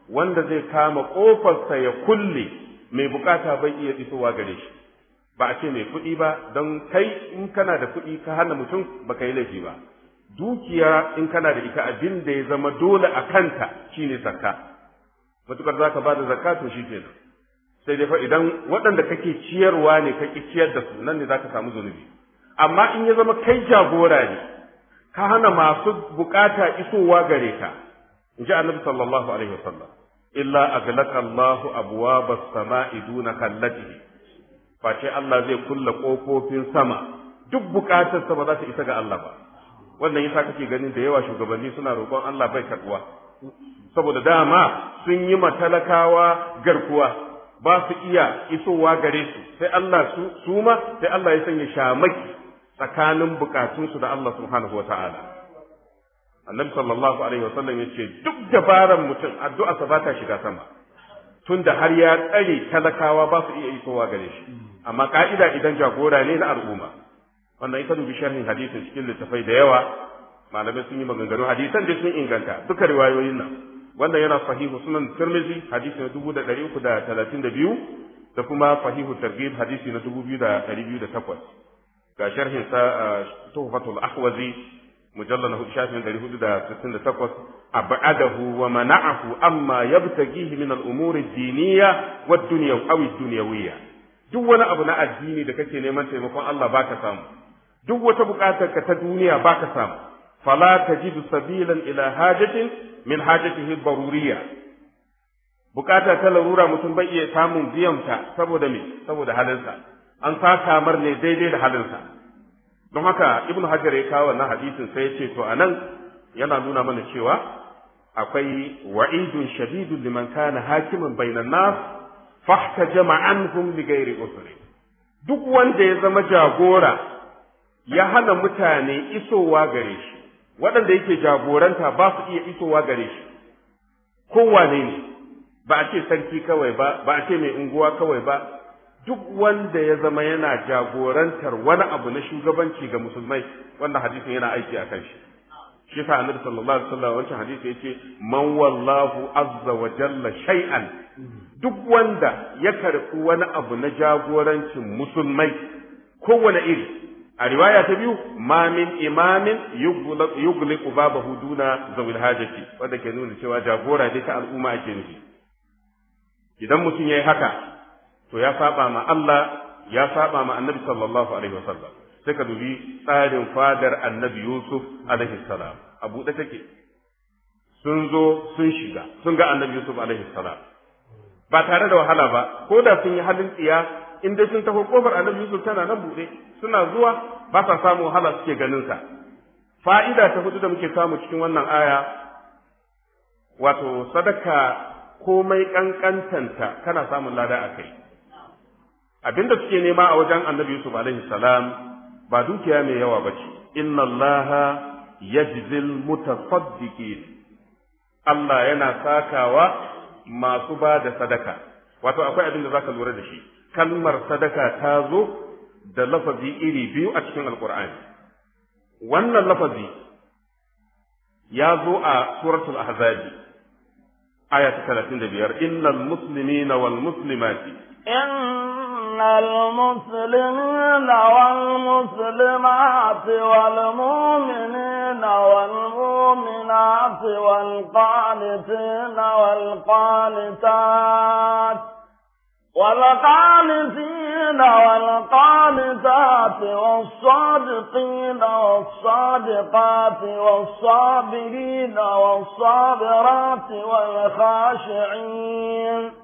wanda zai kama ƙofarsa ya kulle mai bukata bai iya isowa gare shi ba a ce mai kuɗi ba don kai in kana da kuɗi ka hana mutum ba ka yi laifi ba dukiya in kana da ita abin da ya zama dole a kanta shine zakka matukar za ka ba da zakka to shi kenan sai dai fa idan waɗanda kake ciyarwa ne kake ciyar da su nan ne za ka samu zunubi amma in ya zama kai jagora ne ka hana masu bukata isowa gare ka in ji annabi sallallahu alaihi wasallam illa aglaka Allahu abwab as-sama'i duna kallatihi ce Allah zai kulla kofofin sama duk bukatar sa ba za ta isa ga Allah ba wannan yasa kake ganin da yawa shugabanni suna roƙon Allah bai karɓuwa saboda dama sun yi matalakawa garkuwa ba su iya isowa gare su sai Allah su ma sai Allah ya sanya shamaki tsakanin bukatunsu da Allah subhanahu wa ta'ala annabi sallallahu alaihi wasallam ya ce duk dabaran mutum sa ba ta shiga sama tunda har ya tsare talakawa ba su iya isowa gare shi amma ka'ida idan jagora ne na al'umma wannan ita dubi sharhin hadisin cikin littafai da yawa malamai sun yi maganganu hadisan da sun inganta duka riwayoyin nan Wannan yana sahihu sunan tirmizi hadisi na dubu da ɗari uku talatin da biyu da kuma sahihu targhib hadisi na dubu biyu da ɗari biyu da takwas ga sharhin sa tuhfatul ahwazi mujallal shafin 468 abadahu wa mana'ahu amma yabtagihi min al-umur ad-diniyya dunya aw dunyawiyya duk wani abu na addini da kake neman taimakon Allah baka samu duk wata bukatar ka ta duniya baka samu fala tajidu sabilan ila hajatin min hajatihi daruriyya bukata ta larura mutum bai iya samun biyanta saboda me saboda halinsa an sa kamar ne daidai da halinsa don haka ibnu hajar ya kawo wannan hadisin sai ya ce to anan yana nuna mana cewa akwai wa'idun shadidun liman kana hakiman bainan nas jama'an hum li ghairi usri duk wanda ya zama jagora ya hana mutane isowa gare shi waɗanda yake jagoranta ba su iya isowa gare shi kowane ne ba a ce sarki kawai ba ba a ce mai unguwa kawai ba duk wanda ya zama yana jagorantar wani abu na shugabanci ga musulmai wannan hadisin yana aiki a kan shi shi sa annabi sallallahu alaihi wasallam wancan hadisi yace man wallahu azza wa jalla shay'an duk wanda ya karɓi wani abu na jagorancin musulmai kowane iri a riwaya ta biyu ma min imamin yugliqu babahu duna zawil hajati wanda ke nuna cewa jagora dai ta al'umma ake nufi idan mutum yayi haka to ya saba ma Allah ya saba ma annabi sallallahu alaihi wasallam sai ka dubi tsarin fadar annabi Yusuf alaihi salam a buɗe take sun zo sun shiga sun ga annabi Yusuf alaihi salam ba tare da wahala ba ko da sun yi halin tsiya in dai sun taho kofar annabi Yusuf tana nan buɗe suna zuwa ba sa samu wahala suke ganin sa fa'ida ta hudu da muke samu cikin wannan aya wato sadaka komai kankantanta kana samun lada a kai abinda suke nema a wajen annabi yusuf alaihi salam ba dukiya mai yawa ba ce inna allaha yajzil mutasaddiqin Allah yana sakawa masu ba da sadaka wato akwai abin da zaka lura da shi kalmar sadaka ta zo da lafazi iri biyu a cikin alqur'ani wannan lafazi ya zo a suratul ahzabi aya ta biyar. innal muslimina wal muslimati إن المسلمين والمسلمات والمؤمنين والمؤمنات والقانتين والقانتات والقانتين والقانتات والصادقين والصادقات والصابرين والصابرات والخاشعين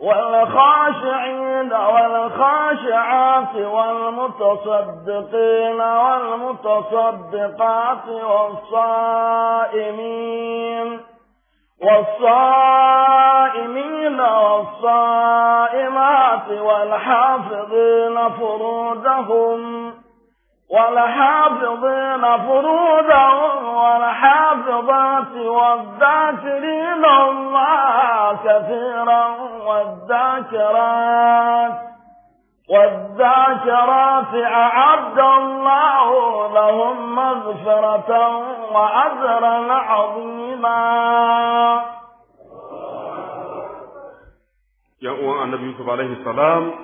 والخاشعين والخاشعات والمتصدقين والمتصدقات والصائمين والصائمين والصائمات والحافظين فروجهم والحافظين فروجهم والحافظات والذاكرين الله كثيرا والذاكرات والذاكرات أعد الله لهم مغفرة وأجرا عظيما. يا النبي صلى الله عليه وسلم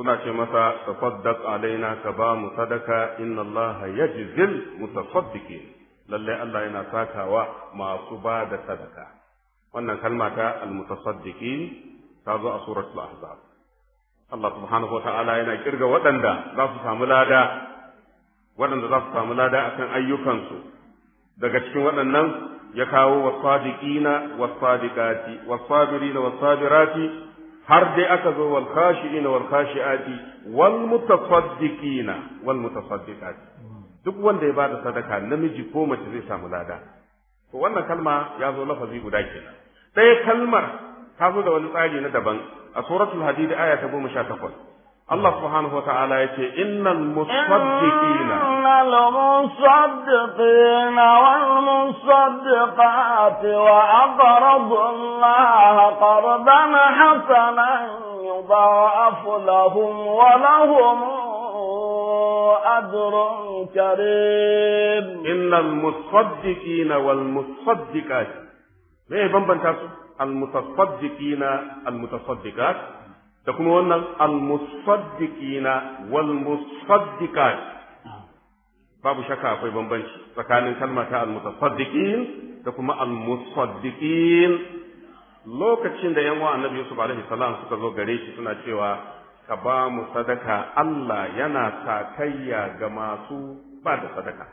suna ce masa tafaddaq alaina ka ba mu sadaka inna allaha yajzil mutasaddiqin lalle Allah yana sakawa masu ba da sadaka wannan kalma ta almutasaddiqin ta zo a suratul ahzab Allah subhanahu wa yana kirga waɗanda za su samu lada waɗanda za su samu lada akan ayyukansu daga cikin waɗannan ya kawo wasadiqina wasadikati wasabirina wasabirati har dai aka zo wal khashi'ina wal khashi'ati wal mutasaddiqina wal mutasaddiqati duk wanda ya bada sadaka namiji ko mace zai samu lada to wannan kalma ya zo lafazi guda kenan ɗaya kalmar ta zo da wani tsari na daban a suratul hadid aya ta goma sha takwas الله سبحانه وتعالى يقول إن المصدقين إن المصدقين والمصدقات وأقرضوا الله قرضا حسنا يضاعف لهم ولهم أجر كريم إن المصدقين والمصدقات ليه بمبن المتصدقين المتصدقات da kuma wannan al-musaddiqina wal musaddiqat babu shakka akwai bambanci tsakanin kalma ta al da kuma al-musaddiqin lokacin da yanwa annabi Yusuf alaihi salam suka zo gare shi suna cewa ka ba mu sadaka Allah yana takayya ga masu ba da sadaka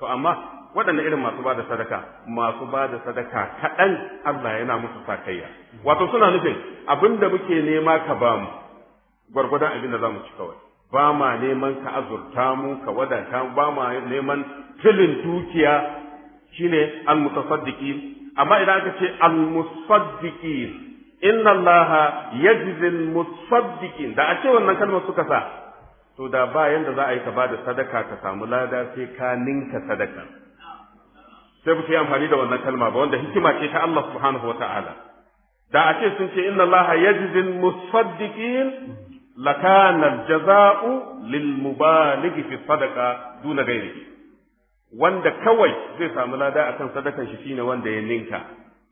to amma waɗanne irin masu ba da sadaka masu ba da sadaka kaɗan Allah yana musu sakayya wato suna nufin abin da muke nema ka ba mu gwargwadon abin da za mu ci kawai ba ma neman ka azurta mu ka wadata mu ba ma neman filin dukiya shine almutasaddiqin amma idan aka ce almusaddiqin inna allaha yajzi almusaddiqin da a ce wannan kalmar suka sa to da ba yanda za a yi ka ba da sadaka ka samu lada sai ka ninka sadaka sai ba yi amfani da wannan kalma ba wanda hikima ce ta Allah subhanahu wa ta'ala da a ce sun ce inna Allah yajzil musaddiqin lakana aljaza'u lil fi sadaqa duna ghairihi wanda kawai zai samu lada akan sadakan shi shine wanda ya ninka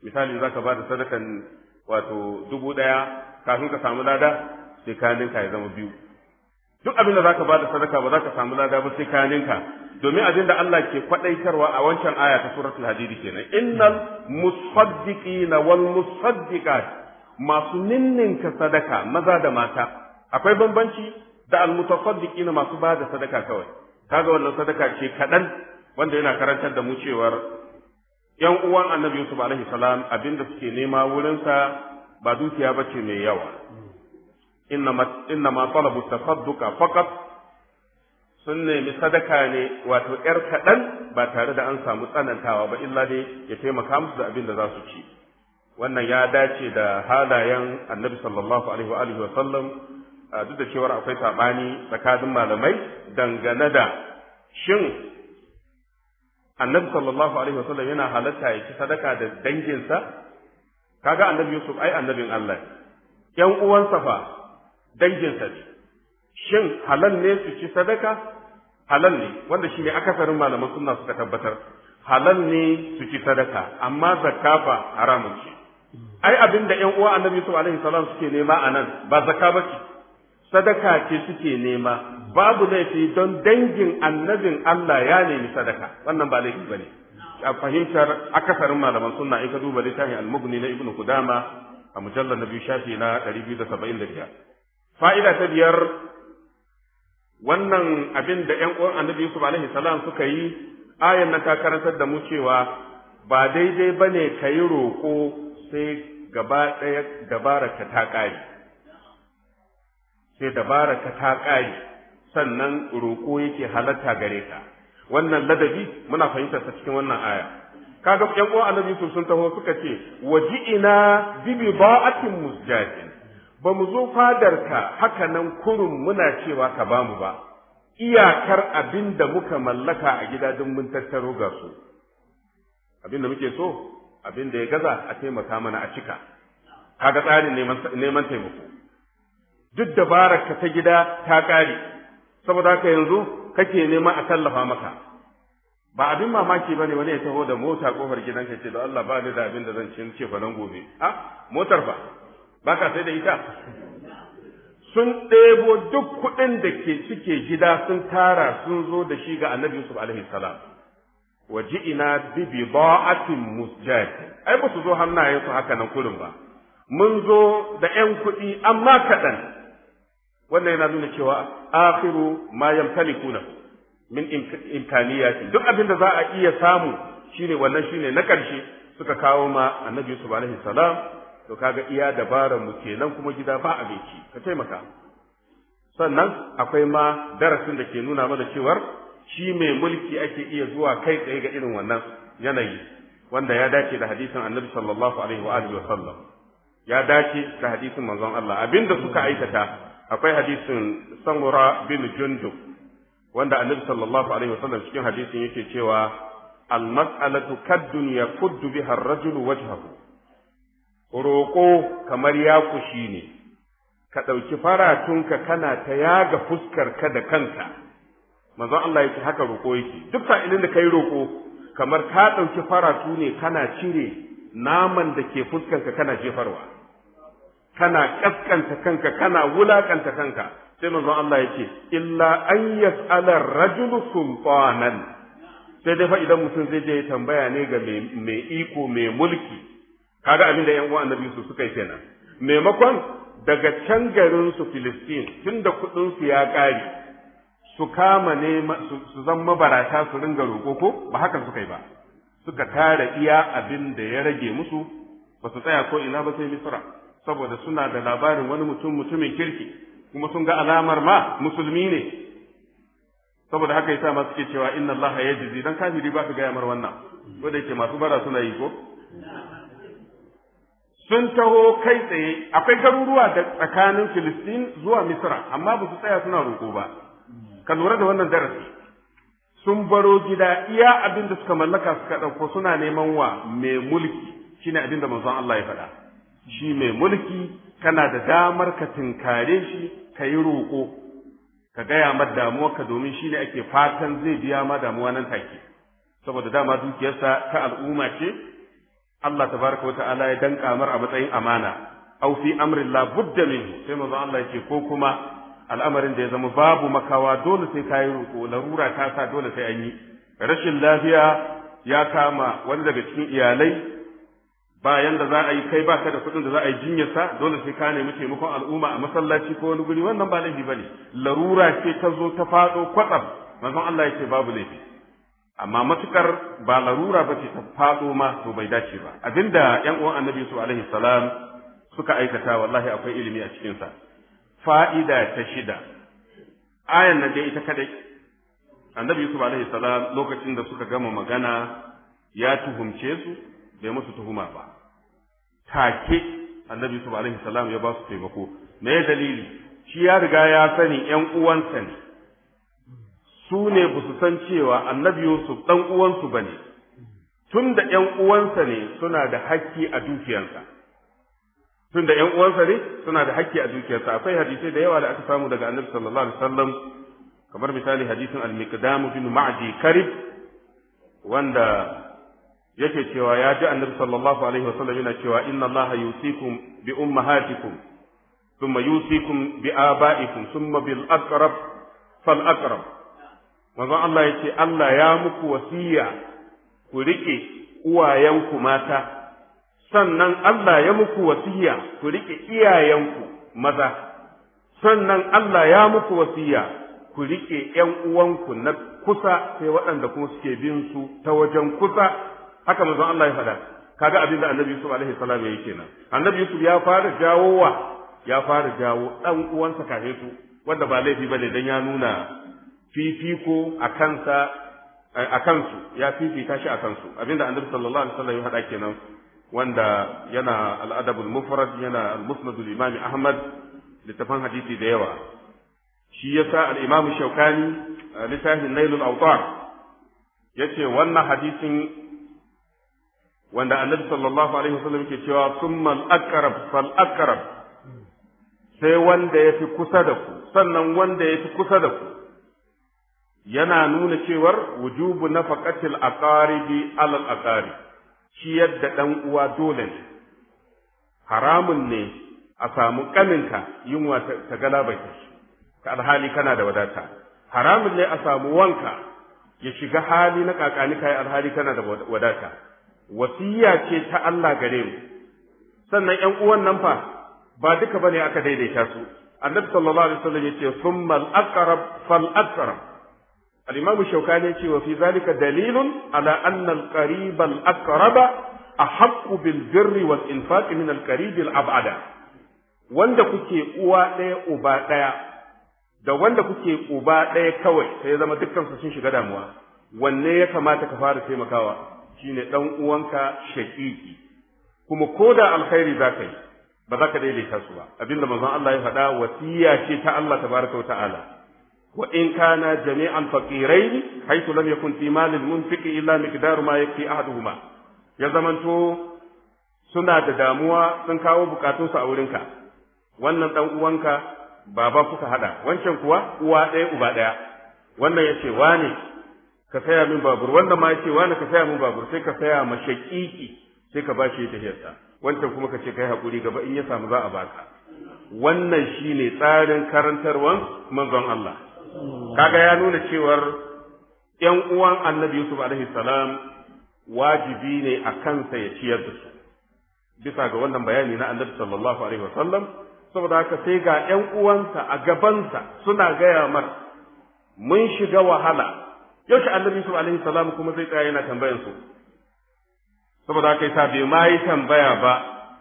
misali zaka bada sadakan wato dubu daya kafin ka samu lada sai ka ninka ya zama biyu duk abin da zaka bada sadaka ba zaka samu lada ba sai ka ninka domin abin da Allah ke kwadaitarwa a wancan aya ta suratul hadidi kenan innal musaddiqina wal musaddiqat masu ninninka sadaka maza da mata akwai bambanci da al mutasaddiqina masu ba da sadaka kawai kaga wannan sadaka ce kaɗan wanda yana karantar da mu cewar yan uwan annabi yusuf alaihi salam abin suke nema wurin sa ba dukiya bace mai yawa inna ma talabu tafadduka faqat sun nemi sadaka ne wato ‘yar kaɗan ba tare da an samu tsanantawa ba illa dai ya taimaka musu da abin da za su ci wannan ya dace da halayen annabi sallallahu alaihi wa alihi sallam duk da cewar akwai sabani tsakanin malamai dangane da shin annabi sallallahu alaihi wa sallam yana halatta ya ci sadaka da danginsa kaga annabi yusuf ai annabin Allah 'yan uwansa fa danginsa ne shin halal ne su ci sadaka halal ne wanda shi ne akasarin malaman sunna suka tabbatar halal ne su ci sadaka amma zakka ba haramun ce ai abin da ƴan uwa annabi yusuf alaihi salam suke nema a nan ba zakka ba ce sadaka ce suke nema babu laifi don dangin annabin Allah ya nemi sadaka wannan ba laifi bane a fahimtar akasarin malaman sunna in ka duba littafin al-mughni na ibnu kudama a mujallar na biyu shafi na 275 fa'ida ta biyar wannan abin da ƴan uwan annabi Yusuf alaihi salam suka yi ayan nan ta karantar da mu cewa ba daidai ba bane kayi roƙo sai gaba ɗaya dabararka ta ƙare sai dabararka ta sannan roƙo yake halatta gare ka wannan ladabi muna fahimtar sa cikin wannan aya kaga ƴan uwan annabi Yusuf sun taho suka ce waji'ina bi ba'atin musjadin ba mu zo fadarka haka nan kurun muna cewa ka ba mu ba iyakar abin da muka mallaka a gida don mun tattaro ga su abin da muke so abin da ya gaza a taimaka mana a cika kaga tsarin neman taimako duk dabararka ta gida ta ƙare saboda haka yanzu kake nema a tallafa maka ba abin mamaki ba bane wani ya taho da mota kofar gidanka ce da Allah ba ni da abin da zan ce fa nan gobe a ah, motar ba. ba ka sai da ita sun ɗebo duk kuɗin da ke suke gida sun tara sun zo da shi ga annabi Yusuf alaihi salam wa ji'ina bi ba'atin musjad ai ba su zo hannayen su haka nan kurin ba mun zo da ƴan kuɗi amma kaɗan wannan yana nuna cewa akhiru ma yamtalikuna min imkaniyati duk abin da za a iya samu shine wannan shine na ƙarshe suka kawo ma annabi Yusuf alaihi salam to kaga iya dabaran mu kenan kuma gida ba abinci ka taimaka sannan akwai ma darasin da ke nuna mana cewa shi mai mulki ake iya zuwa kai tsaye ga irin wannan yanayi wanda ya dace da hadisin annabi sallallahu alaihi wa alihi wa sallam ya dace da hadisin manzon Allah abinda suka aikata akwai hadisin samura bin jundub wanda annabi sallallahu alaihi wa sallam cikin hadisin yake cewa al mas'alatu kad dunya kuddu biha ar-rajulu wajhahu roƙo kamar ya kushi ne ka ɗauki faratunka kana ta yaga fuskarka da kanka manzon Allah yake haka roƙo yake duk sa'ilin da kai roƙo kamar ka ɗauki faratu ne kana cire naman da ke fuskarka kana jefarwa kana kaskanta kanka kana wulaƙanta kanka sai manzon Allah yake illa an yas'ala rajulu sultanan sai dai fa idan mutum zai je tambaya ne ga mai iko mai mulki kaga abin da yan uwan annabi su suka yi kenan maimakon daga can garin su Filistin tunda kudin su ya kare su kama ne su zama barata su ringa roƙo ko ba haka suka yi ba suka tara iya abin da ya rage musu ba su tsaya ko ina ba sai Misra saboda suna da labarin wani mutum mutumin kirki kuma sun ga alamar ma musulmi ne saboda haka yasa ma suke cewa inna Allah ya jizi dan kafiri ba su ga yamar wannan ko da yake masu bara suna yi ko sun taho kai tsaye akwai garuruwa da tsakanin Filistin zuwa Misra amma ba su tsaya suna roƙo ba ka lura da wannan darasi sun baro gida iya abin da suka mallaka suka ɗauko suna neman wa mai mulki shine abin da manzon Allah ya faɗa shi mai mulki kana da damar ka tinkare shi ka yi roƙo ka gaya ma ka domin shine ake fatan zai biya ma damuwa nan take saboda dama dukiyarsa ta al'umma ce Allah tabaraka wa ta'ala ya danka mar a matsayin amana aw fi amrin la budda min sai manzo Allah yake ko kuma al'amarin da ya zama babu makawa dole sai ka yi larura ta sa dole sai an rashin lafiya ya kama wani daga cikin iyalai bayan da za a yi kai baka da kuɗin da za a yi jinyarsa dole sai ka nemi taimakon al'umma a masallaci ko wani guri wannan ba laifi bane larura ce ta zo ta faɗo kwatsam manzo Allah yake babu laifi amma matukar ba larura ba ce ta faɗo ma to bai dace ba abinda ƴan uwan annabi su alaihi salam suka aikata wallahi akwai ilimi a cikin sa fa'ida ta shida ayan nan dai ita kadai annabi yusuf alaihi salam lokacin da suka gama magana ya tuhumce su bai musu tuhuma ba take annabi yusuf alaihi salam ya ba su taimako me dalili shi ya riga ya sani ƴan uwansa ne su ne ba su san cewa annabi Yusuf ɗan uwansu ba ne, tun da ‘yan uwansa ne suna da haƙƙi a dukiyarsa. Tun da ‘yan uwansa ne suna da haƙƙi a dukiyarsa, akwai hadisai da yawa da aka samu daga annabi sallallahu alaihi wasallam kamar misali hadisin al-miqdam bin ma'di karib wanda yake cewa ya ji annabi sallallahu alaihi wasallam yana cewa inna allaha yusikum bi ummahatikum thumma yusikum bi abaikum thumma bil aqrab fal aqrab Mazan Allah ya ce Allah ya muku wasiya ku rike uwayenku mata sannan Allah ya muku wasiya ku rike iyayenku maza sannan Allah ya muku wasiya ku riƙe ƴan uwanku na kusa sai waɗanda kuma suke bin su ta wajen kusa haka mazan Allah ya faɗa kaga abin da annabi Yusuf alaihi salam ya yi kenan annabi Yusuf ya fara jawowa ya fara jawo ɗan uwansa kafesu su wanda ba laifi ba ne dan ya nuna fifiko a kansa eh, a kansu ya fifita shi a kansu abinda annabi sallallahu alaihi wasallam ya hada kenan wanda yana al-adabul mufrad yana al-musnad al-imam ahmad littafan hadisi da yawa shi yasa al-imam shaukani eh, littafin nailul awtar yace wannan hadisin wanda annabi sallallahu alaihi wasallam yake cewa al-aqrab fal aqrab sai wanda yafi kusa da ku sannan wanda yafi kusa da ku yana nuna cewar wujubu nafaqatil aqaribi alal aqari shi da dan uwa dole ne haramun ne a samu kaninka yunwa ta galabaice ka alhali kana da wadata haramun ne a samu wanka ya shiga hali na kakani kai alhali kana da wadata wasiya ce ta Allah gare mu sannan ƴan uwan nan fa ba duka bane aka daidaita su annabi sallallahu alaihi wasallam yace summal aqrab fal aqrab Alimamu imam shaukani ya ce wa fi zalika dalilun ala anna al-qarib al-aqrab bil birri wal infaq min abada wanda kuke uwa ɗaya uba ɗaya da wanda kuke uba ɗaya kawai sai zama dukkan su sun shiga damuwa wanne ya kamata ka fara taimakawa shine ɗan uwanka shaqiqi kuma ko da alkhairi zaka yi ba za ka daidaita su ba abinda manzon Allah ya faɗa wasiya ce ta Allah tabaraka wa ta'ala وإن كانا جميعا فقيرين حيث لم يكن في مال المنفق إلا مقدار ما يكفي أحدهما ya zamanto suna da damuwa sun kawo bukatunsu a wurinka wannan ɗan uwanka baba kuka haɗa wancan kuwa uwa ɗaya uba ɗaya wannan ya ce wane ka saya min babur wannan ma ya ce wane ka saya min babur sai ka saya ma shakiki, sai ka bashi ya hiyarsa wancan kuma ka ce kai hakuri, gaba in ya samu za a baka wannan shine tsarin karantarwan manzon Allah kaga ya nuna cewar ‘yan uwan annabi Yusuf alaihi salam wajibi ne a kansa ya ciyar da su, bisa ga wannan bayani na annabi sallallahu alaihi wasallam saboda haka sai ga ‘yan uwansa a gabansa suna gaya mar mun shiga wahala, yaushe annabi Yusuf alaihi salam kuma zai tsaya yana tambayan su. Saboda haka yasa bai ma yi tambaya ba,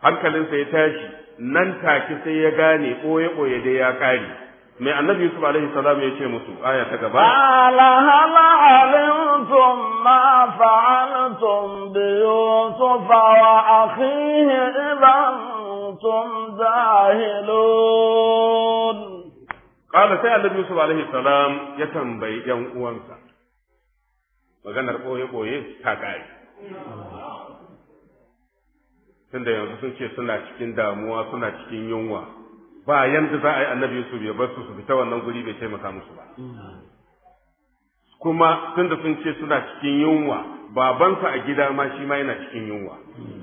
hankalinsa ya tashi, nan take sai ya gane ɓoye-ɓoye dai ya ƙare. mai annabi yusuf alaihi salam ya ce musu aya ta gaba ala hala alimtum ma fa'altum bi yusuf wa akhihi idan tum zahilun qala sai annabi yusuf alaihi salam ya tambayi yan uwansa maganar boye boye ta kai tunda yanzu sun ce suna cikin damuwa suna cikin yunwa ba yanda za a yi annabi Yusuf ya bar su su fita wannan guri bai taimaka musu ba kuma tunda sun ce suna cikin yunwa babansa a gida ma shi ma yana cikin yunwa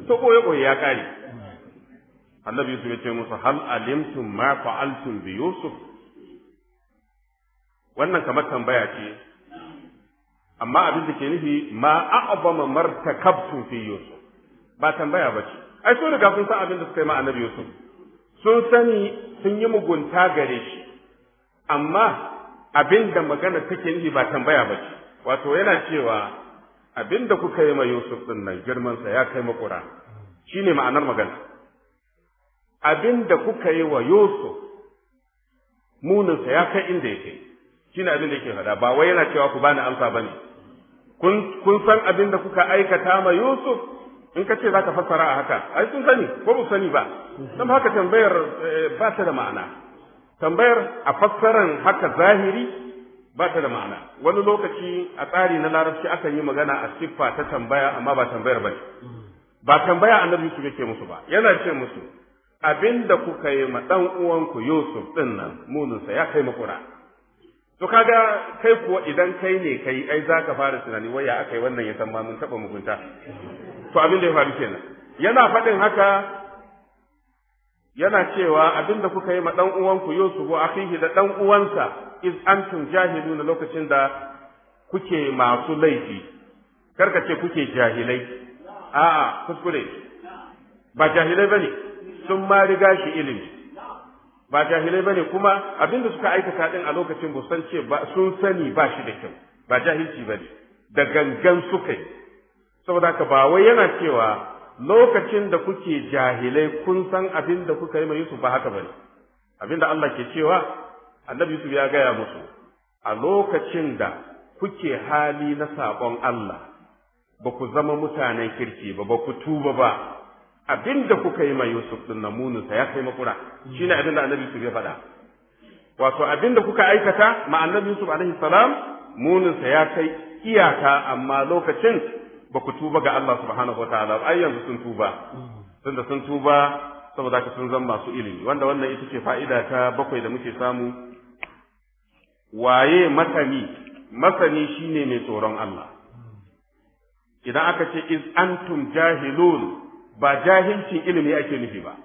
to koyo koyo ya kare annabi Yusuf ya ce musu hal alimtum ma fa'altum bi Yusuf wannan kamar tambaya ce amma abin da ke nufi ma a'zama martakabtum fi Yusuf ba tambaya ba ce ai so da kun san abin da suka yi ma annabi Yusuf sun sani sun yi mugunta gare shi amma abin da magana take yi ba tambaya ba ce wato yana cewa abin da kuka yi ma Yusuf din nan girmansa ya kai makura shi ne ma'anar magana abin da kuka yi wa Yusuf muninsa ya kai inda ya kai shi ne abin da yake faɗa ba wai yana cewa ku bani amsa ba ne kun san abin da kuka aikata ma Yusuf in ka ce za ka fassara a haka ai sun sani ko ba sani ba don haka tambayar eh, ba ta da ma'ana tambayar a fassaran haka zahiri ba ta da ma'ana wani lokaci a tsari na larabci akan yi magana a siffa ta tambaya amma ba tambayar ba ba tambaya annabi Yusuf yake musu ba yana ce musu abin da kuka yi ma dan uwanku Yusuf din nan mununsa ya kai makura to kaga kai kuwa idan kai ne kai ai zaka fara tunani waya akai wannan ya san ma mun taba mugunta to abin da ya faru kenan yana faɗin haka yana cewa abin da kuka yi ma ɗan uwanku Yusufu akhihi da ɗan uwansa iz antum jahiluna lokacin da kuke masu laifi karka ce kuke jahilai a'a kuskure ba jahilai bane sun ma riga shi ilimi ba jahilai bane kuma abin da suka aikata din a lokacin ba san ce ba sun sani ba shi da kyau ba jahilci bane da gangan suka yi saboda haka ba wai yana cewa lokacin da kuke jahilai kun san abin da kuka yi ma Yusuf ba haka bane abin da Allah ke cewa annabi Yusuf ya gaya musu a lokacin da kuke hali na saƙon Allah ba ku zama mutanen kirki ba ba ku tuba ba abin da kuka yi ma Yusuf din na mununsa ya kai makura shine abin da annabi Yusuf ya faɗa wato abin da kuka aikata ma annabi Yusuf alaihi salam mununsa ya kai iyaka amma lokacin ba ku tuba ga Allah subhanahu wa ta'ala ai yanzu sun tuba tunda sun tuba saboda ka sun zama masu ilimi wanda wannan ita ce fa'ida ta bakwai da muke samu waye masani masani shine mai tsoron Allah idan aka ce iz antum jahilun ba jahilcin ilimi ake nufi ba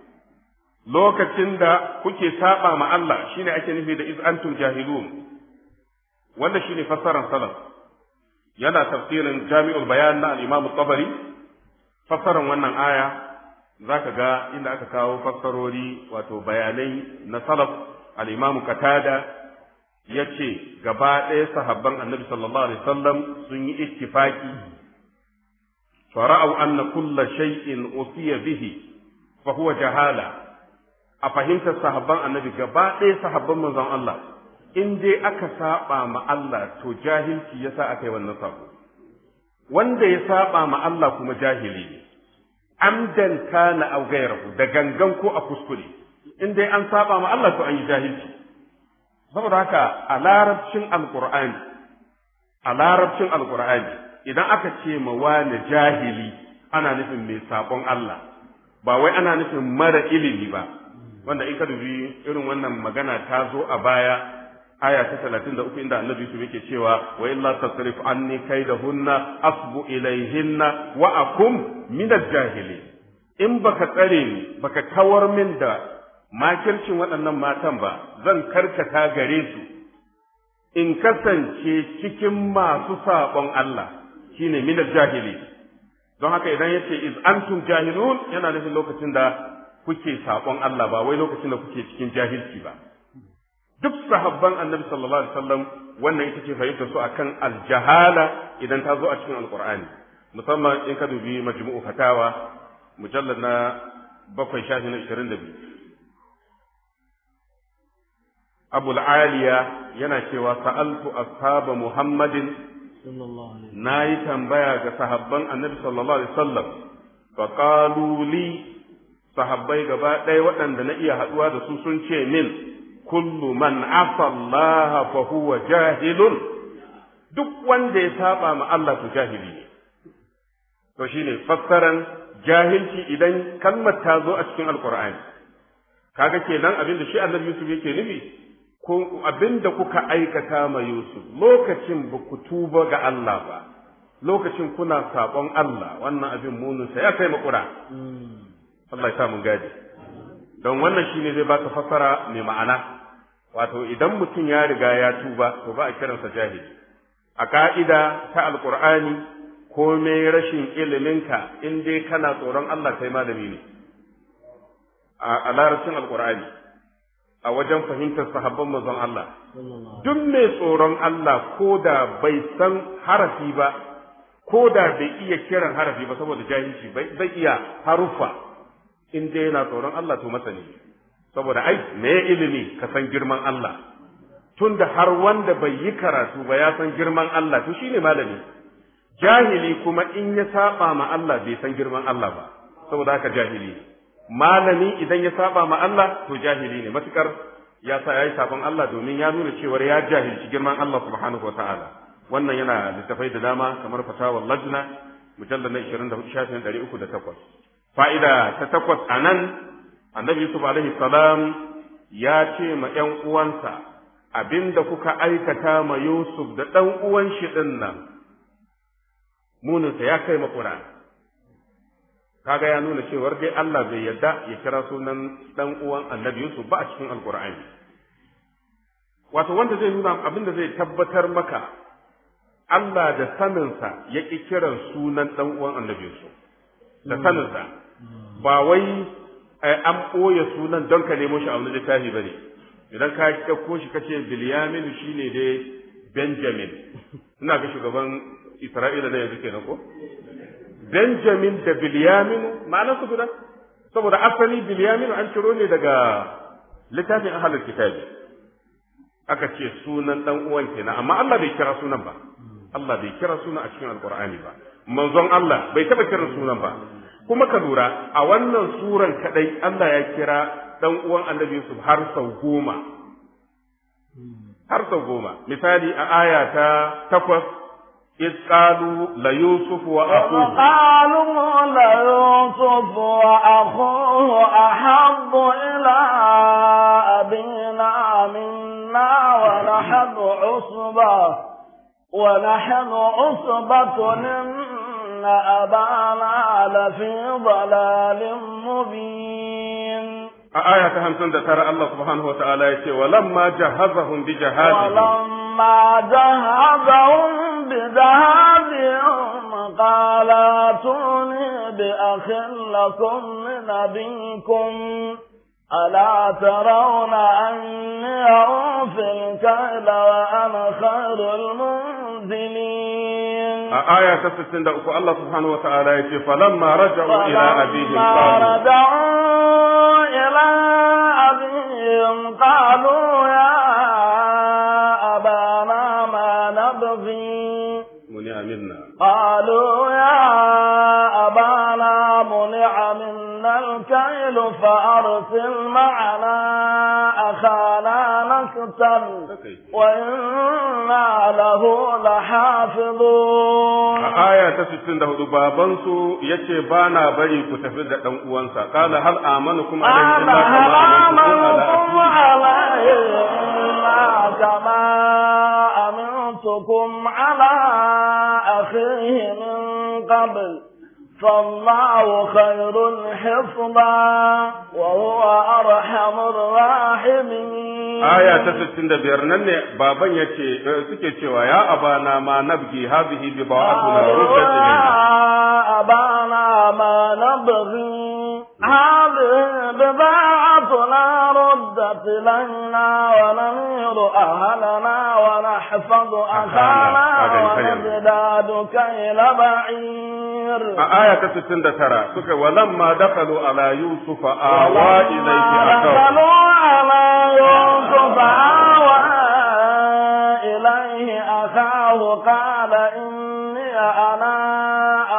lokacin da kuke saba ma Allah shine ake nufi da iz antum jahilun wanda shine fassarar salaf yana tafsirin jami'ul bayan na al-imam tabari fassarar wannan aya zaka ga inda aka kawo fassarori wato bayanai na salaf al-imam katada yace gaba ɗaya sahabban annabi sallallahu alaihi wasallam sun yi ittifaki fara'u anna kulla shay'in usiya bihi fa huwa jahala a fahimtar sahabban annabi gaba ɗaya sahabban manzon Allah in dai aka saba ma Allah to jahilci yasa aka yi wannan sabo wanda ya saba ma Allah kuma jahili ne amdan kana aw ghayrahu da gangan ko a kuskure in dai an saba ma Allah to an yi jahilci saboda haka a larabcin alqur'ani a larabcin alqur'ani idan aka ce ma wani jahili ana nufin mai sabon Allah ba wai ana nufin mara ilimi ba wanda in ka dubi irin wannan magana ta zo a baya aya ta talatin 33 inda annabi su yake cewa wa illa tasrif anni kaidahunna asbu ilaihinna wa akum min jahili in baka tsare ni baka kawar min da makircin waɗannan matan ba zan karkata gare su in kasance cikin masu saɓon Allah shine min jahili don haka idan yace iz antum jahilun yana nufin lokacin da kuke saƙon Allah ba wai lokacin da kuke cikin jahilci ba duk sahabban annabi sallallahu alaihi wasallam wannan ita ce fahimtar su akan aljahala idan ta zo a cikin alqur'ani musamman in ka dubi majmu'u fatawa mujallad na bakwai shafi na ishirin da biyu abul aliya yana cewa sa'altu ashaba muhammadin na yi tambaya ga sahabban annabi sallallahu alaihi wasallam fa qalu li sahabbai gaba ɗaya waɗanda na iya haɗuwa da su sun ce min kullu man asa Allah fa huwa jahilun duk wanda ya saba ma Allah to jahili ne to shine fassaran jahilci idan kalmar ta zo a cikin alqur'ani kaga kenan abin da shi annabi Yusuf yake nufi ko abin da kuka aikata ma Yusuf lokacin ba ku tuba ga Allah ba lokacin kuna sabon Allah wannan abin munin sa ya kai kura hmm. Allah ya sa mun gadi don wannan shine zai baka fassara mai ma'ana wato idan mutum ya riga ya tuba to ba a kiransa jahili a ka'ida ta alqur'ani komai rashin iliminka in dai kana tsoron Allah kai malami ne a larabcin alqur'ani a wajen fahimtar sahabban manzon Allah duk mai tsoron Allah ko da bai san harafi ba ko da bai iya kiran harafi ba saboda jahilci bai iya haruffa in dai yana tsoron Allah to masani ne saboda ai me ilimi ka san girman Allah tunda har wanda bai yi karatu ba ya san girman Allah to shine malami jahili kuma in ya saba ma Allah bai san girman Allah ba saboda haka jahili malami idan ya saba ma Allah to jahili ne matukar ya sa yayi sabon Allah domin ya nuna cewar ya jahilci girman Allah subhanahu wataala wannan yana littafai da dama kamar fatawar lajna mujallar na 24 shafin 308 fa'ida ta takwas a nan annabi yusuf alaihi salam ya ce ma yan uwansa abinda kuka aikata ma yusuf da ɗan uwan shi ɗin nan muninsa ya kai makura kaga ya nuna cewar dai Allah bai yarda ya kira sunan ɗan uwan annabi yusuf ba a cikin alkur'ani wato wanda zai nuna abinda zai tabbatar maka Allah da saninsa ya ƙi kiran sunan ɗan uwan annabi yusuf da saninsa hmm. ba wai ai eh, an ɓoye sunan don ka nemo shi a wani littafi ba ne idan ka ɗauko shi kace bilyamin shine dai benjamin ina ga shugaban isra'ila na yanzu kenan ko benjamin da bilyamin ma'anar su guda saboda asali bilyamin an ciro ne daga littafin ahalar kitabi aka ce sunan dan uwan kenan amma Allah bai kira sunan ba Allah bai kira sunan a cikin alqur'ani ba manzon Allah bai taba kira sunan ba kuma ka lura a wannan suran kadai Allah ya kira dan uwan annabi Yusuf har sau goma har sau goma misali a aya ta takwas إذ قالوا ليوسف وأخوه قالوا ليوسف وأخوه أحب إلى أبينا منا ونحن عصبة ونحن عصبة إن أبانا لفي ضلال مبين آية همسون ترى الله سبحانه وتعالى يتي ولما جهزهم بجهازهم ولما جهزهم بجهازهم قال اتوني بأخ لكم من أبيكم ألا ترون أني أوفي الكيل وأنا خير المنزلين a aya ta 63 Allah subhanahu wataala ya ce falamma raja'u ila abihim qalu ila abihim qalu ya abana ma nabghi muni aminna qalu ya abana muni aminna al-kayl fa arsil ma'ana akha أكتر وإنا له لحافظون آية تسجن ده بابنسو يتي بانا بري كتفد دم أوانسا قال هل آمنكم عليه إلا هل آمنكم عليه إلا كما أمنتكم على أخيه من قبل فالله خير حفظا وهو أرحم الراحمين آية تسجن بيرنن بابا يتي سكتي ويا أبانا ما نبغي هذه بضاعتنا رجل يا أبانا ما نبغي هذه بضاعتنا ردت لنا ونمير أهلنا ونحفظ أخانا ونزداد كيل بعيد a aya ta 69 suka walan ma dakalu ala yusufa awa ilayhi akaw dakalu ala yusufa awa ilayhi akaw qala inni ana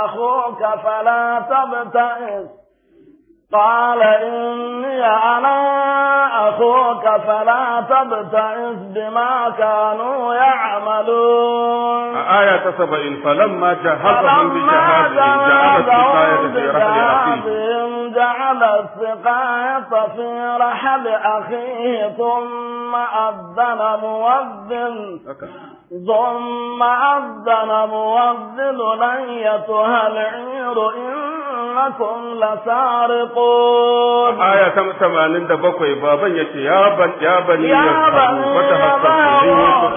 akhuka fala tabta'is قال إني أنا أخوك فلا تبتئس بما كانوا يعملون آية سبع فلما جهزهم بجهازهم جعل السقاية في رحل أخيه ثم أذن مؤذن ثم أذن مؤذن لن يتها العير إنكم لسارقون آية تم عند بقوي بابا يتي يا بني يا بني يا بني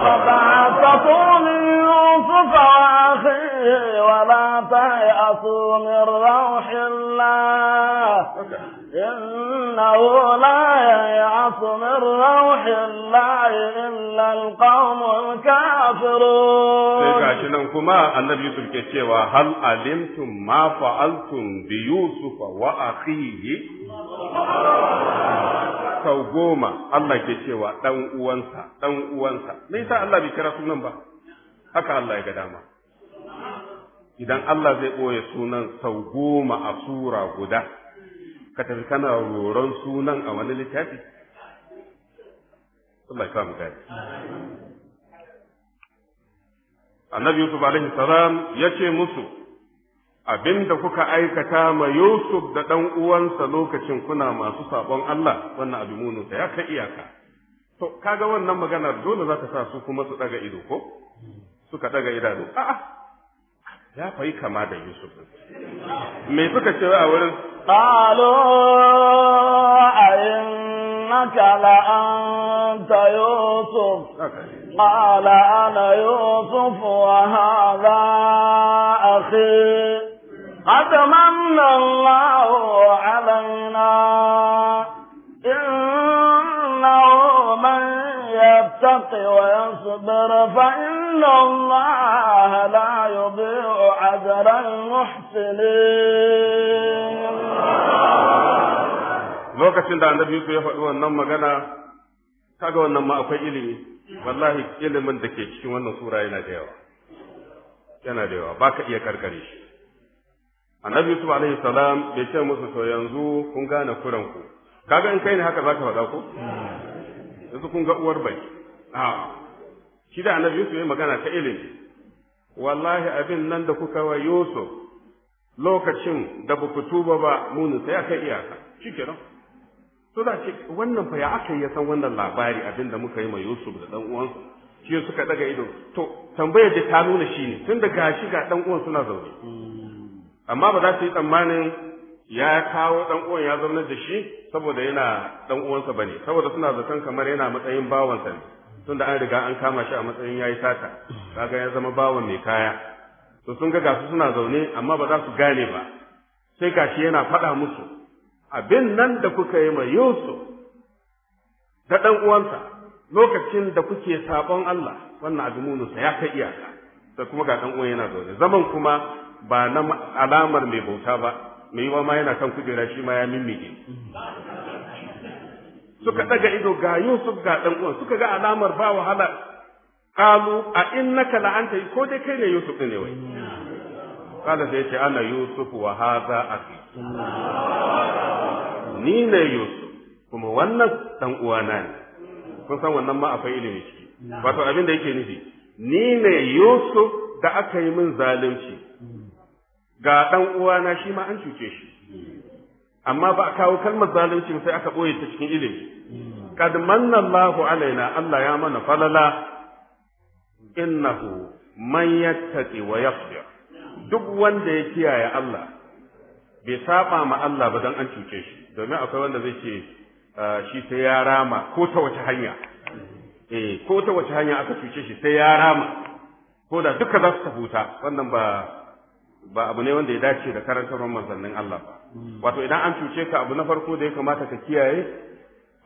فتعسفوا من يوسف وأخيه ولا تيأسوا من روح الله إنه لا ييأس من روح الله إلا القوم الكافرون تستعفرون sai gashi nan kuma annabi Yusuf ke cewa hal alimtum ma fa'altum bi Yusuf wa akhihi sau goma Allah ke cewa dan uwansa dan uwansa me yasa Allah bai kira sunan ba haka Allah ya ga dama idan Allah zai boye sunan sau goma a sura guda ka tafi kana roron sunan a wani littafi Allah ya kama gani annabi yusuf alaihi salam ya ce musu abin da kuka aikata ma yusuf da ɗan uwansa lokacin kuna masu sabon allah wannan abin mununsa ya kai iyaka to kaga wannan magana dole za ta sa su kuma su ɗaga ido ko suka ɗaga idanu a'a ya fa kama da yusuf me suka ce a wurin قالوا إنك لأنت يوسف قال أنا يوسف وهذا أخي قد من الله علينا إنه من يتق ويصبر فإن الله لا يضيع أجر المحسنين lokacin da annabi Yusuf ya faɗi wannan magana kaga wannan ma akwai ilimi wallahi ilimin da ke cikin wannan sura yana da yawa yana da yawa baka iya karkare shi annabi Yusuf alaihi salam ya ce musu to yanzu kun gane kuran ku kaga in kai ne haka zaka faɗa ko yanzu kun ga uwar bai a ah. shi da annabi Yusuf ya magana ta ilimi wallahi abin nan da kuka wa Yusuf lokacin da ba ku tuba ba munin sai aka iyaka kenan to da ce wannan fa ya aka ya san wannan labari abin da muka yi ma Yusuf da dan uwansa shi suka daga ido to tambayar da ta nuna shi ne Tun tunda gashi ga dan uwan suna zaune amma ba za su yi tsammanin ya kawo dan uwan ya zauna da shi saboda yana dan uwansa bane saboda suna zaton kamar yana matsayin bawansa ne da an riga an kama shi a matsayin yayi sata kaga ya zama bawan mai kaya to sun ga gasu suna zaune amma ba za su gane ba sai gashi yana faɗa musu abin nan da kuka yi ma Yusuf da ɗan uwansa lokacin da kuke saɓon Allah wannan azumunsa ya kai iyaka sai kuma ga ɗan uwan yana zaune zaman kuma ba na alamar mai bauta ba mai yiwa ma yana kan kujera shi ma ya mimmige suka ɗaga ido ga Yusuf ga ɗan uwan suka ga alamar ba wahala qalu a innaka la anta ko dai kai ne Yusuf ne wai kada sai ce ana Yusuf wa hadha akhi ni ne Yusuf kuma wannan dan uwana ne kun san wannan ma akwai ilimi ciki wato abin da yake nufi ni ne Yusuf da aka yi min zalunci ga dan uwana shi ma an cuce shi amma ba a kawo kalmar zalunci sai aka boye ta cikin ilimi kad manna alaina Allah ya mana falala innahu man yattaqi wa duk wanda ya kiyaye Allah bai saba ma Allah ba dan an cuce shi domin akwai wanda zai ce ah, shi sai ya rama ko ta wace hanya eh ko ta wace hanya aka cuce shi sai ya rama ko da duka za su tafuta wannan ba ba abu ne wanda ya dace da karantarwar manzannin Allah ba hmm. wato idan an cuce ka abu na farko da ya kamata ka kiyaye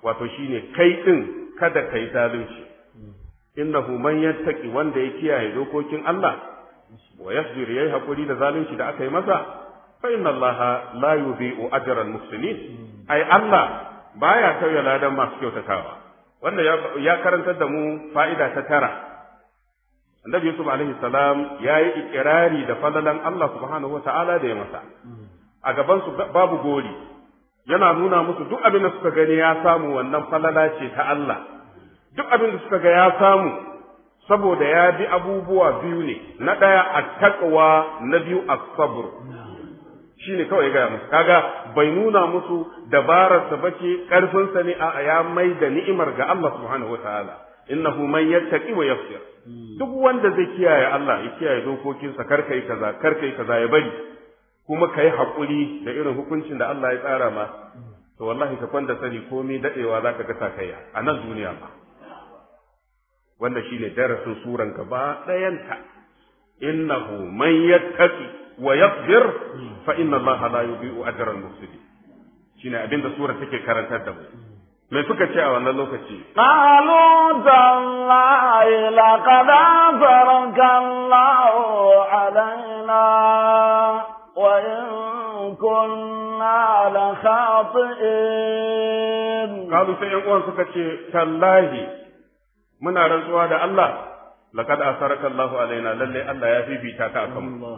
wato shine kai din kada kai zalunci hmm. innahu man yattaqi wanda ya kiyaye dokokin Allah wa yasbir yayi hakuri da zalunci da aka yi masa fa inna allaha la yudhi'u ajra al Allah baya tauye ladan masu kyautatawa wanda ya karantar da mu fa'ida ta tara annabi yusuf alaihi salam yayi ikirari da fadalan Allah subhanahu wa ta'ala da ya masa a gaban su babu gori yana nuna musu duk abin da suka gani ya samu wannan falala ce ta Allah duk abin da suka ga ya samu saboda ya bi abubuwa biyu ne na ɗaya a takwa na biyu a sabr shi ne kawai ya gaya musu kaga bai nuna musu dabararsa ba bace karfinsa ne a ya mai da ni'imar ga Allah subhanahu wataala innahu man yattaqi wa yafsir duk wanda zai kiyaye Allah ya kiyaye dokokinsa kar kai kaza kar kai kaza ya bari kuma kai hakuri da irin hukuncin da Allah ya tsara ma to wallahi ka kwanda sani komai dadewa zaka ga kaiya a nan duniya ba. wanda shine darasin suran gaba dayanta innahu man yattaqi wa yaqdir fa inna allaha la yudhi'u ajra al shine abinda sura take karantar da mu me suka ce a wannan lokaci qalu dallahi laqad allahu alaina wa in kunna la khati'in qalu sai yan uwan suka ce tallahi muna rantsuwa da Allah laqad asaraka Allahu alaina lalle Allah ya fifita ka akan mu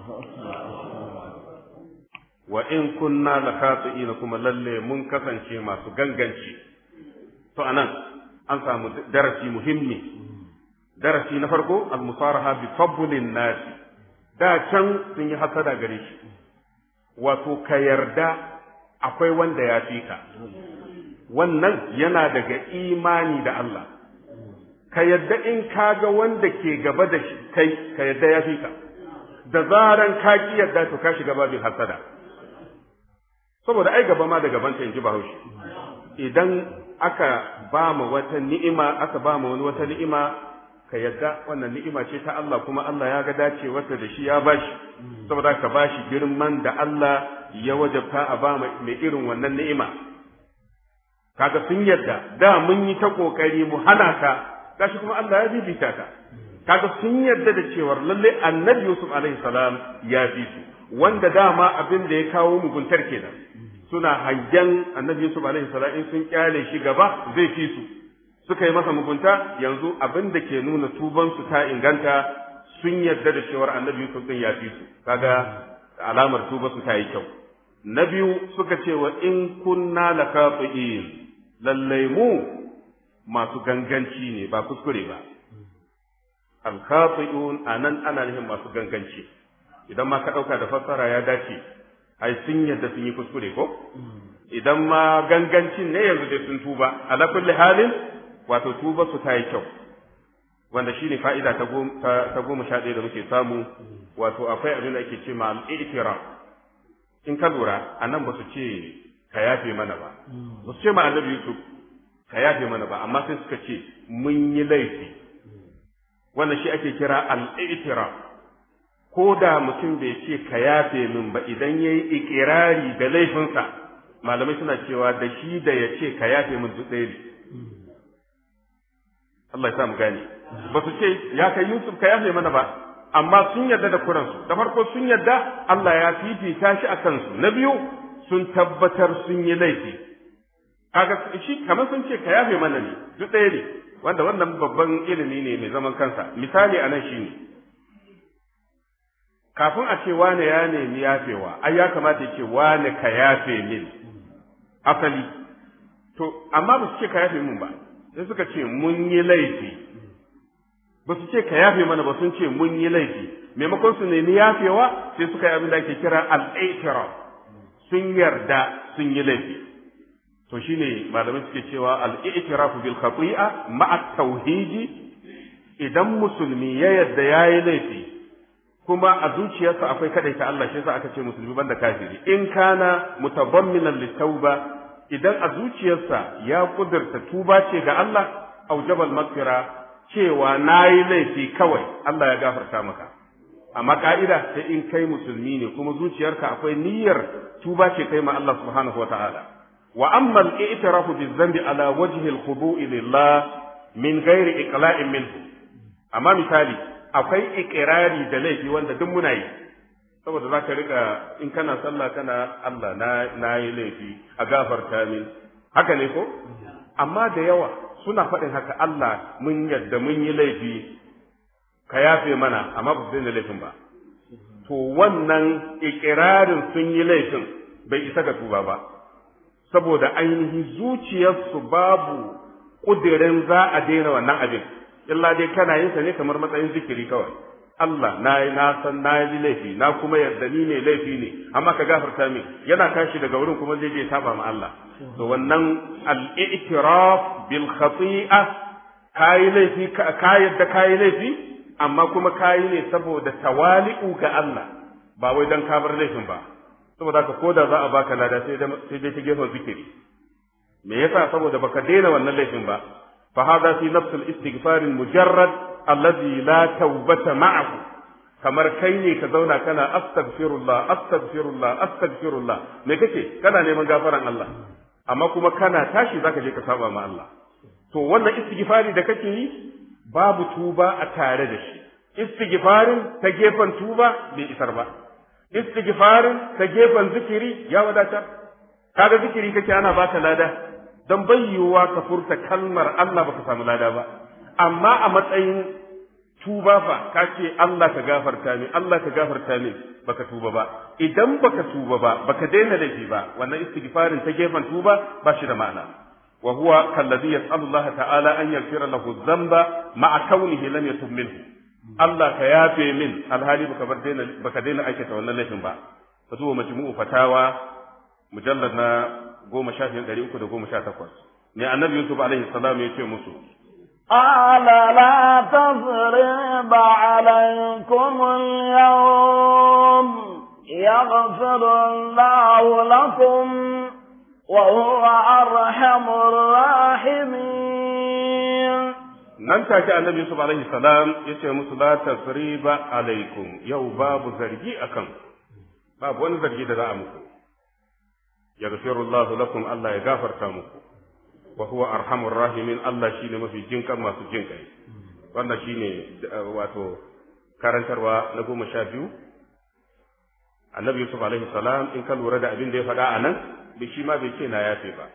wa in kunna lakati'ina kuma lalle mun kasance masu ganganci to anan an samu darasi muhimmi darasi na farko al-musaraha bi fadlin nas da can sun yi hasada gare shi wato ka yarda akwai wanda ya fi ka wannan yana daga imani da Allah ka yadda in ka ga wanda ke gaba da shi kai ka yadda ya fi ka da zaran ka ki yadda to ka shiga babin hasada saboda ai gaba ma da gaban ta inji bahaushe idan aka ba mu wata ni'ima aka ba mu wani wata ni'ima ka yadda wannan ni'ima ce ta Allah kuma Allah ya ga dacewarta da shi ya bashi saboda ka bashi girman da Allah ya wajabta a ba mai irin wannan ni'ima kaga sun yadda da mun yi ta kokari mu hana ka gashi kuma Allah ya bibita ta kaga sun yarda da cewa lalle annabi Yusuf alaihi salam ya bi su wanda dama abin da ya kawo muguntar kenan suna hangen annabi Yusuf alaihi salam in sun kyale shi gaba zai fi su suka yi masa mugunta yanzu abin da ke nuna tuban su ta inganta sun yarda da cewar annabi Yusuf din ya fi su kaga alamar tuba su ta yi kyau na biyu suka cewa in kunna lakafi'in lallai mu masu ganganci ne ba kuskure ba a anan ana nufin masu ganganci idan ma ka ɗauka da fassara ya dace ai sun yadda sun yi kuskure ko idan ma gangancin ne yanzu dai sun tuba ala kulli halin wato tuba su ta yi kyau wanda shine fa'ida ta goma sha ɗaya da muke samu wato akwai abin da ake ce ma al'itira in ka lura a nan ba su ce ka yafe mana ba ba su ce ma annabi yusuf ka yafe mana ba amma sai suka ce mun yi laifi wannan shi ake kira al al'itira ko da mutum bai ce ka yafe min ba idan ya yi ikirari da laifinsa malamai suna cewa da shi da ya ce ka yafe min duk ɗaya Allah ya sa mu gane ba su ce ya kai Yusuf ka yafe mana ba amma sun yarda da kuransu da farko sun yarda Allah ya fifita shi a kansu na biyu sun tabbatar sun yi laifi kaga shi kamar sun ce ka yafe mana ne duk ɗaya ne wanda wannan babban ilimi ne mai zaman kansa misali a nan shine kafin a ce wane ya nemi yafewa ai ya kamata ya ce wane ka yafe min asali to amma ba su ce ka yafe min ba sai suka ce mun yi laifi ba su ce ka yafe mana ba sun ce mun yi laifi maimakon su ne ni yafewa sai suka yi abin da ake kira al sun yarda sun yi laifi to shine malamai suke cewa al-i'tirafu bil khati'a ma'a tauhidi idan musulmi ya yadda yayi laifi kuma a zuciyarsa akwai ta Allah shi yasa aka ce musulmi banda kafiri in kana mutadamminan litauba idan a zuciyarsa ya kudurta tuba ce ga Allah aujabal maghfira cewa nayi laifi kawai Allah ya gafarta maka amma ka'ida sai in kai musulmi ne kuma zuciyarka akwai niyyar tuba ce kai ma Allah subhanahu wataala wa amma al-i'tirafu bi-dhanbi ala wajhi al-khudu'i lillah min ghairi iqla'in minhu amma misali akwai iƙirari da laifi wanda duk muna yi saboda za ka rika in kana sallah kana Allah na yi laifi a gafarta min haka ne ko amma da yawa suna faɗin haka Allah mun yadda mun yi laifi ka yafe mana amma ba su laifin ba to wannan ikirarin sun yi laifin bai isa ga tuba ba saboda ainihi zuciyarsu babu ƙudirin za a daina wannan abin illa dai kana yin sa ne kamar matsayin zikiri kawai Allah na yi na san na yi laifi na kuma yarda ni ne laifi ne amma ka gafarta min yana tashi daga wurin kuma zai je saba ma Allah to wannan al-i'tiraf bil khati'a kai laifi ka yarda kai laifi amma kuma kai ne saboda tawali'u ga Allah ba wai dan ka bar laifin ba saboda ka koda za a baka lada sai dai ta gefen zikiri me yasa saboda baka daina wannan laifin ba fa hada fi nafs al istighfar al mujarrad alladhi la tawbata ma'ahu kamar kai ne ka zauna kana astaghfirullah astaghfirullah astaghfirullah me kake kana neman gafaran Allah amma kuma kana tashi zaka je ka saba ma Allah to wannan istighfari da kake yi babu tuba a tare da shi istighfarin ta gefen tuba bai isar ba istighfarin ta gefen zikiri ya wadatar kaga zikiri kake ana baka lada dan bayyuwa ka furta kalmar Allah baka samu lada ba amma a matsayin tuba fa Allah ka gafarta ni Allah ka gafarta ni baka tuba ba idan baka tuba ba baka daina laifi ba wannan istighfarin ta gefen tuba ba shi da ma'ana wa huwa kallazi yas'alu Allah ta'ala an yaghfira lahu dhanba ma'a kaunihi lam yatub minhu Allah ka yafe min alhali baka bar daina baka daina aikata wannan laifin ba ka zuwa majmu'u fatawa mujallad na goma sha ɗari uku da goma sha takwas ne annabi yusuf alaihi salam ya ce musu قال لا تضرب عليكم yawm يغفر الله لكم وهو أرحم الراحمين nan take annabi yusuf alaihi salam yace musu la tasriba alaikum yau babu zargi akan babu wani zargi da za a muku yaghfirullahu lakum Allah ya gafarta muku wa huwa arhamur rahimin Allah shine mafi jinkan masu jinkai wannan shine eh, wato karantarwa na goma sha biyu annabi yusuf alaihi salam in ka lura da abin da ya faɗa a nan shi ma bai ce na yafe ba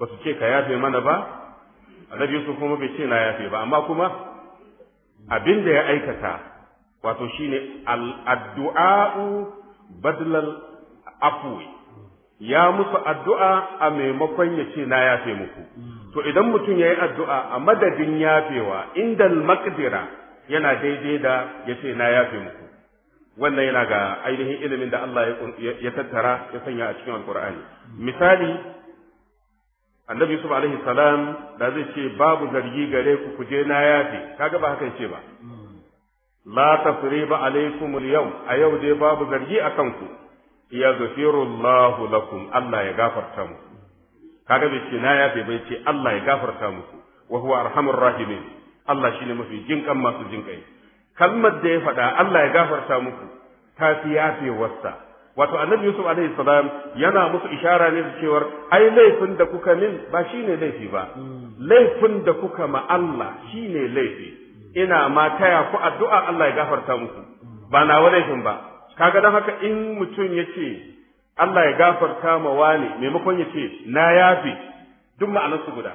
ba su ce ka yafe mana ba annabi yusuf kuma bai ce na yafe ba amma kuma abin da ya aikata wato shine addu'a'u badlal afu ya musu addu'a a maimakon ya ce na yafe muku to idan mutum ya yi addu'a a madadin yafewa inda makdira yana daidai da ya ce na yafe muku wannan yana ga ainihin ilimin da Allah ya tattara ya sanya a cikin alkur'ani misali annabi yusuf alaihi salam da zai ce babu zargi gare ku ku je na yafe kaga ba haka ce ba la tafriba alaikum al-yawm a yau dai babu zargi akan ku yaghfirullahu lakum Allah ya gafarta mu kaga bai ce na yafe bai ce Allah ya gafarta mu wa huwa arhamur rahimin Allah shine mafi jinkan masu jinkai kalmar da ya faɗa Allah ya gafarta muku ta fi yafe wasa wato annabi yusuf alaihi salam yana musu ishara ne da cewar ai laifin da kuka min ba shine laifi ba laifin da kuka ma Allah shine laifi ina ma taya ku addu'a Allah ya gafarta muku ba na laifin ba kaga dan haka in mutum yace Allah ya gafarta ma wani maimakon ce na yafi duk ma'anar su guda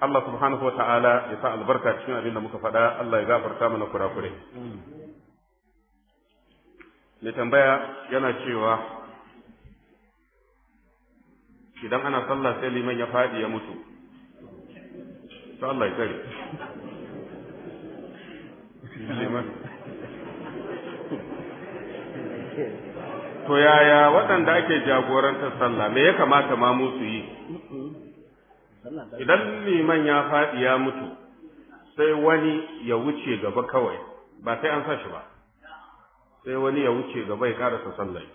Allah subhanahu wa ta'ala ya sa albarka cikin abin da muka faɗa Allah ya gafarta mana kure-kure. mai tambaya yana cewa idan ana sallah sai liman ya faɗi ya mutu ta Allah ya to yaya waɗanda ake jagorantar sallah me ya kamata ma mu yi idan liman ya faɗi ya mutu sai wani ya wuce gaba kawai ba sai an sa shi ba sai wani ya wuce gaba ya karasa sallai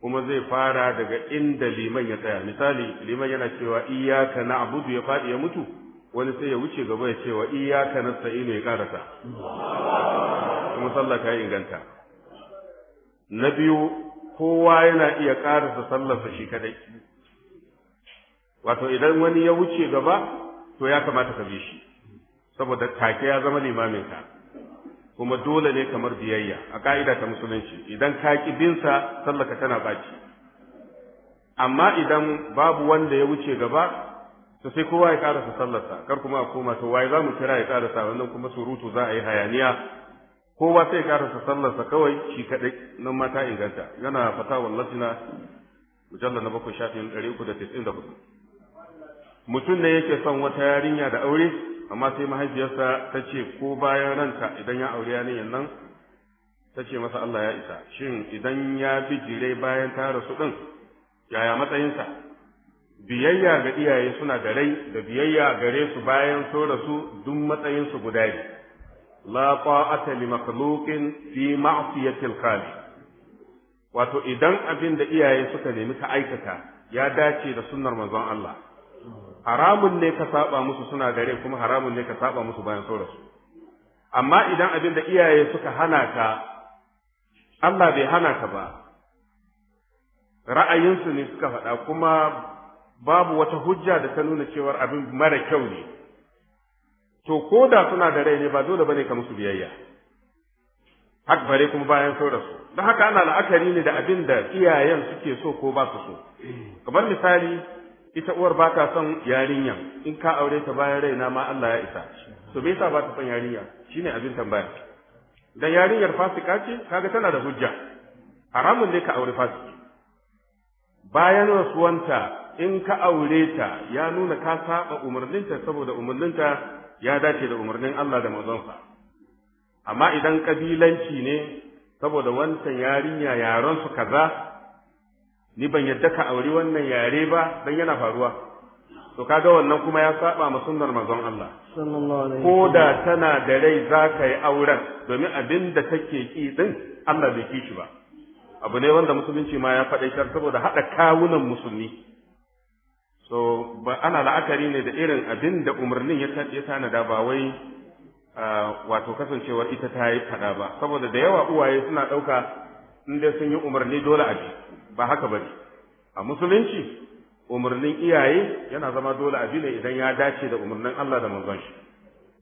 kuma zai fara daga inda liman ya tsaya misali liman yana cewa iyyaka na'budu ya faɗi ya mutu wani sai ya wuce gaba ya cewa iyyaka nasta'inu ya karasa kuma sallah ta inganta na biyu kowa yana iya karasa sallarsa shi kadai wato idan wani ya wuce gaba to ya kamata ka bi shi saboda take ya zama limamin ka. kuma dole ne kamar biyayya a ka'ida ta musulunci idan ka ki binsa sallaka tana baki amma idan babu wanda ya wuce gaba to sai kowa ya karasa sallarsa kar kuma a koma to waye za mu kira ya karasa wannan kuma surutu za a yi hayaniya kowa sai ya karasa sallarsa kawai shi kaɗai nan mata inganta yana fata na mujallar na bakwai shafin ɗari uku da tis'in da hudu mutum ne yake son wata yarinya da aure amma sai mahaifiyarsa ta ce ko bayan ranta idan ya aure yanayin nan ta ce masa Allah ya isa shin idan ya jire bayan ta rasu ɗin yaya matsayinsa biyayya ga iyaye suna da rai da biyayya gare su bayan so rasu duk matsayinsu guda ne la ta'ata li makhluqin fi ma'siyatil khaliq wato idan abin da iyaye suka nemi ka aikata ya dace da sunnar manzon Allah haramun ne ka saba musu suna gare kuma haramun ne ka saba musu bayan sun su. amma idan abin da iyaye suka hana ka Allah bai hana ka ba ra'ayinsu ne suka faɗa kuma babu wata hujja da ta nuna cewar abin mara kyau ne to ko da suna da rai ne ba dole bane ka musu biyayya hak bare kuma bayan sun su. don haka ana la'akari ne da abin da iyayen suke so ko ba su so kamar misali ita uwar ba ta son yarinya in ka aure ta bayan raina ma Allah ya isa to me yasa ba ta son yarinya shine abin tambaya dan yarinyar fasika ce kaga tana da hujja haramun ne ka aure fasiki bayan rasuwanta in ka aure ta ya nuna ka saba umarninta saboda umarninta ya dace da umarnin Allah da manzonsa amma idan kabilanci ne saboda wancan yarinya yaron su kaza ni ban yadda ka auri wannan yare ba dan yana faruwa to kaga wannan kuma ya saba ma sunnar manzon Allah ko da tana da rai za ka yi auren domin abinda take ki din Allah bai ki shi ba abu ne wanda musulunci ma ya faɗaitar saboda haɗa kawunan musulmi so ba ana la'akari ne da irin abin da umarnin ya tanada ba wai wato kasancewar ita ta yi fada ba saboda da yawa uwaye suna ɗauka in dai sun yi umarni dole a bi ba haka ba a musulunci umarnin iyaye yana zama dole a ne idan ya dace da umarnin Allah da manzon shi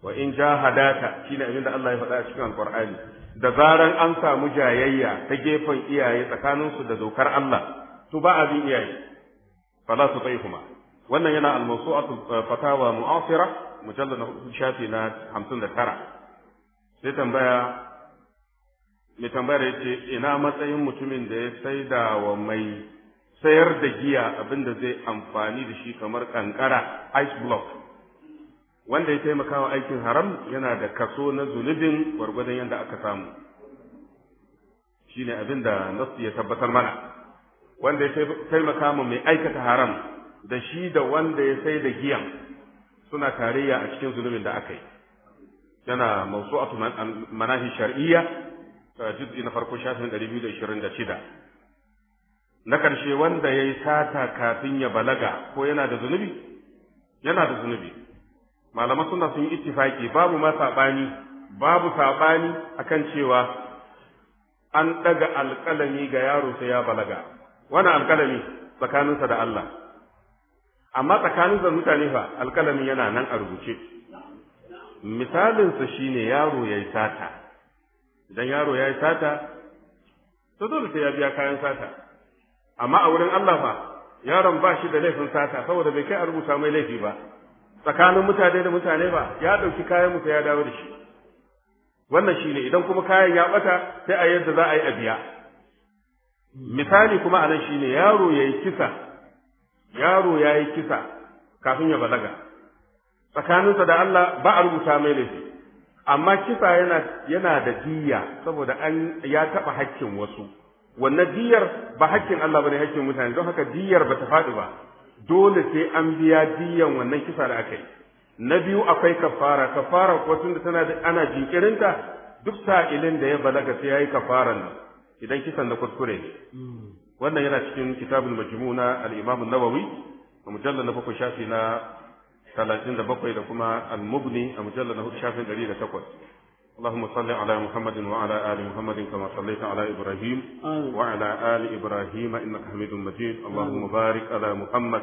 wa in jahadaka shine abin da Allah ya faɗa a cikin alqur'ani da zaran an samu jayayya ta gefen iyaye tsakanin su da dokar Allah to ba a bin iyaye fala su kuma wannan yana al-mawsu'atu eh, fatawa mu'asira mujallad na shafi na 59 sai tambaya mai tambayar ce ina matsayin mutumin da ya saida wa mai sayar da giya abin da zai amfani da shi kamar kankara ice block wanda ya taimaka wa aikin haram yana da kaso na zunubin gwargwadon yadda aka samu shine abin da nasu ya tabbatar mana wanda ya taimaka mu mai aikata haram da shi da wanda ya sai da giyan suna tarayya a cikin zunubin da aka yi yana mausu'atu manahi shar'iyya juz'i na farko shafin 226 na ƙarshe wanda ya yi sata kafin ya balaga ko yana da zunubi yana da zunubi malaman suna sun yi ittifaki babu ma saɓani babu saɓani akan cewa an ɗaga alƙalami ga yaro sai ya balaga wani alƙalami tsakaninsa da Allah amma tsakaninsa mutane fa alƙalami yana nan a rubuce misalinsa shine yaro ya yi sata idan yaro ya yi sata to dole sai ya biya kayan sata amma a wurin Allah ba yaron ba shi da laifin sata saboda bai kai a rubuta mai laifi ba tsakanin mutane da mutane ba ya ɗauki kayan mutu ya dawo da shi wannan shine idan kuma kayan ya bata sai a yadda za a yi a biya misali kuma a nan shine yaro ya kisa yaro ya yi kisa kafin ya balaga tsakaninsa da Allah ba a rubuta mai laifi amma kisa yana yana da diya saboda an ya taba hakkin wasu wannan diyar ba hakkin Allah bane hakkin mutane don haka diyar ba ta faɗi ba dole sai an biya diyan wannan kisa da aka yi na biyu akwai kafara kafara ko tunda tana da ana jinkirinta duk sa'ilin da ya balaga sai yayi kafaran nan idan kisan da kuskure hmm. wannan yana cikin kitabul majmuna al-Imam an-Nawawi mujallal na bakwai shafi na talatin da bakwai da kuma al-mubni a mujallar na shafin ɗari da takwas اللهم صل على محمد وعلى آل محمد كما صليت على إبراهيم وعلى آل إبراهيم إنك حميد مجيد اللهم بارك على محمد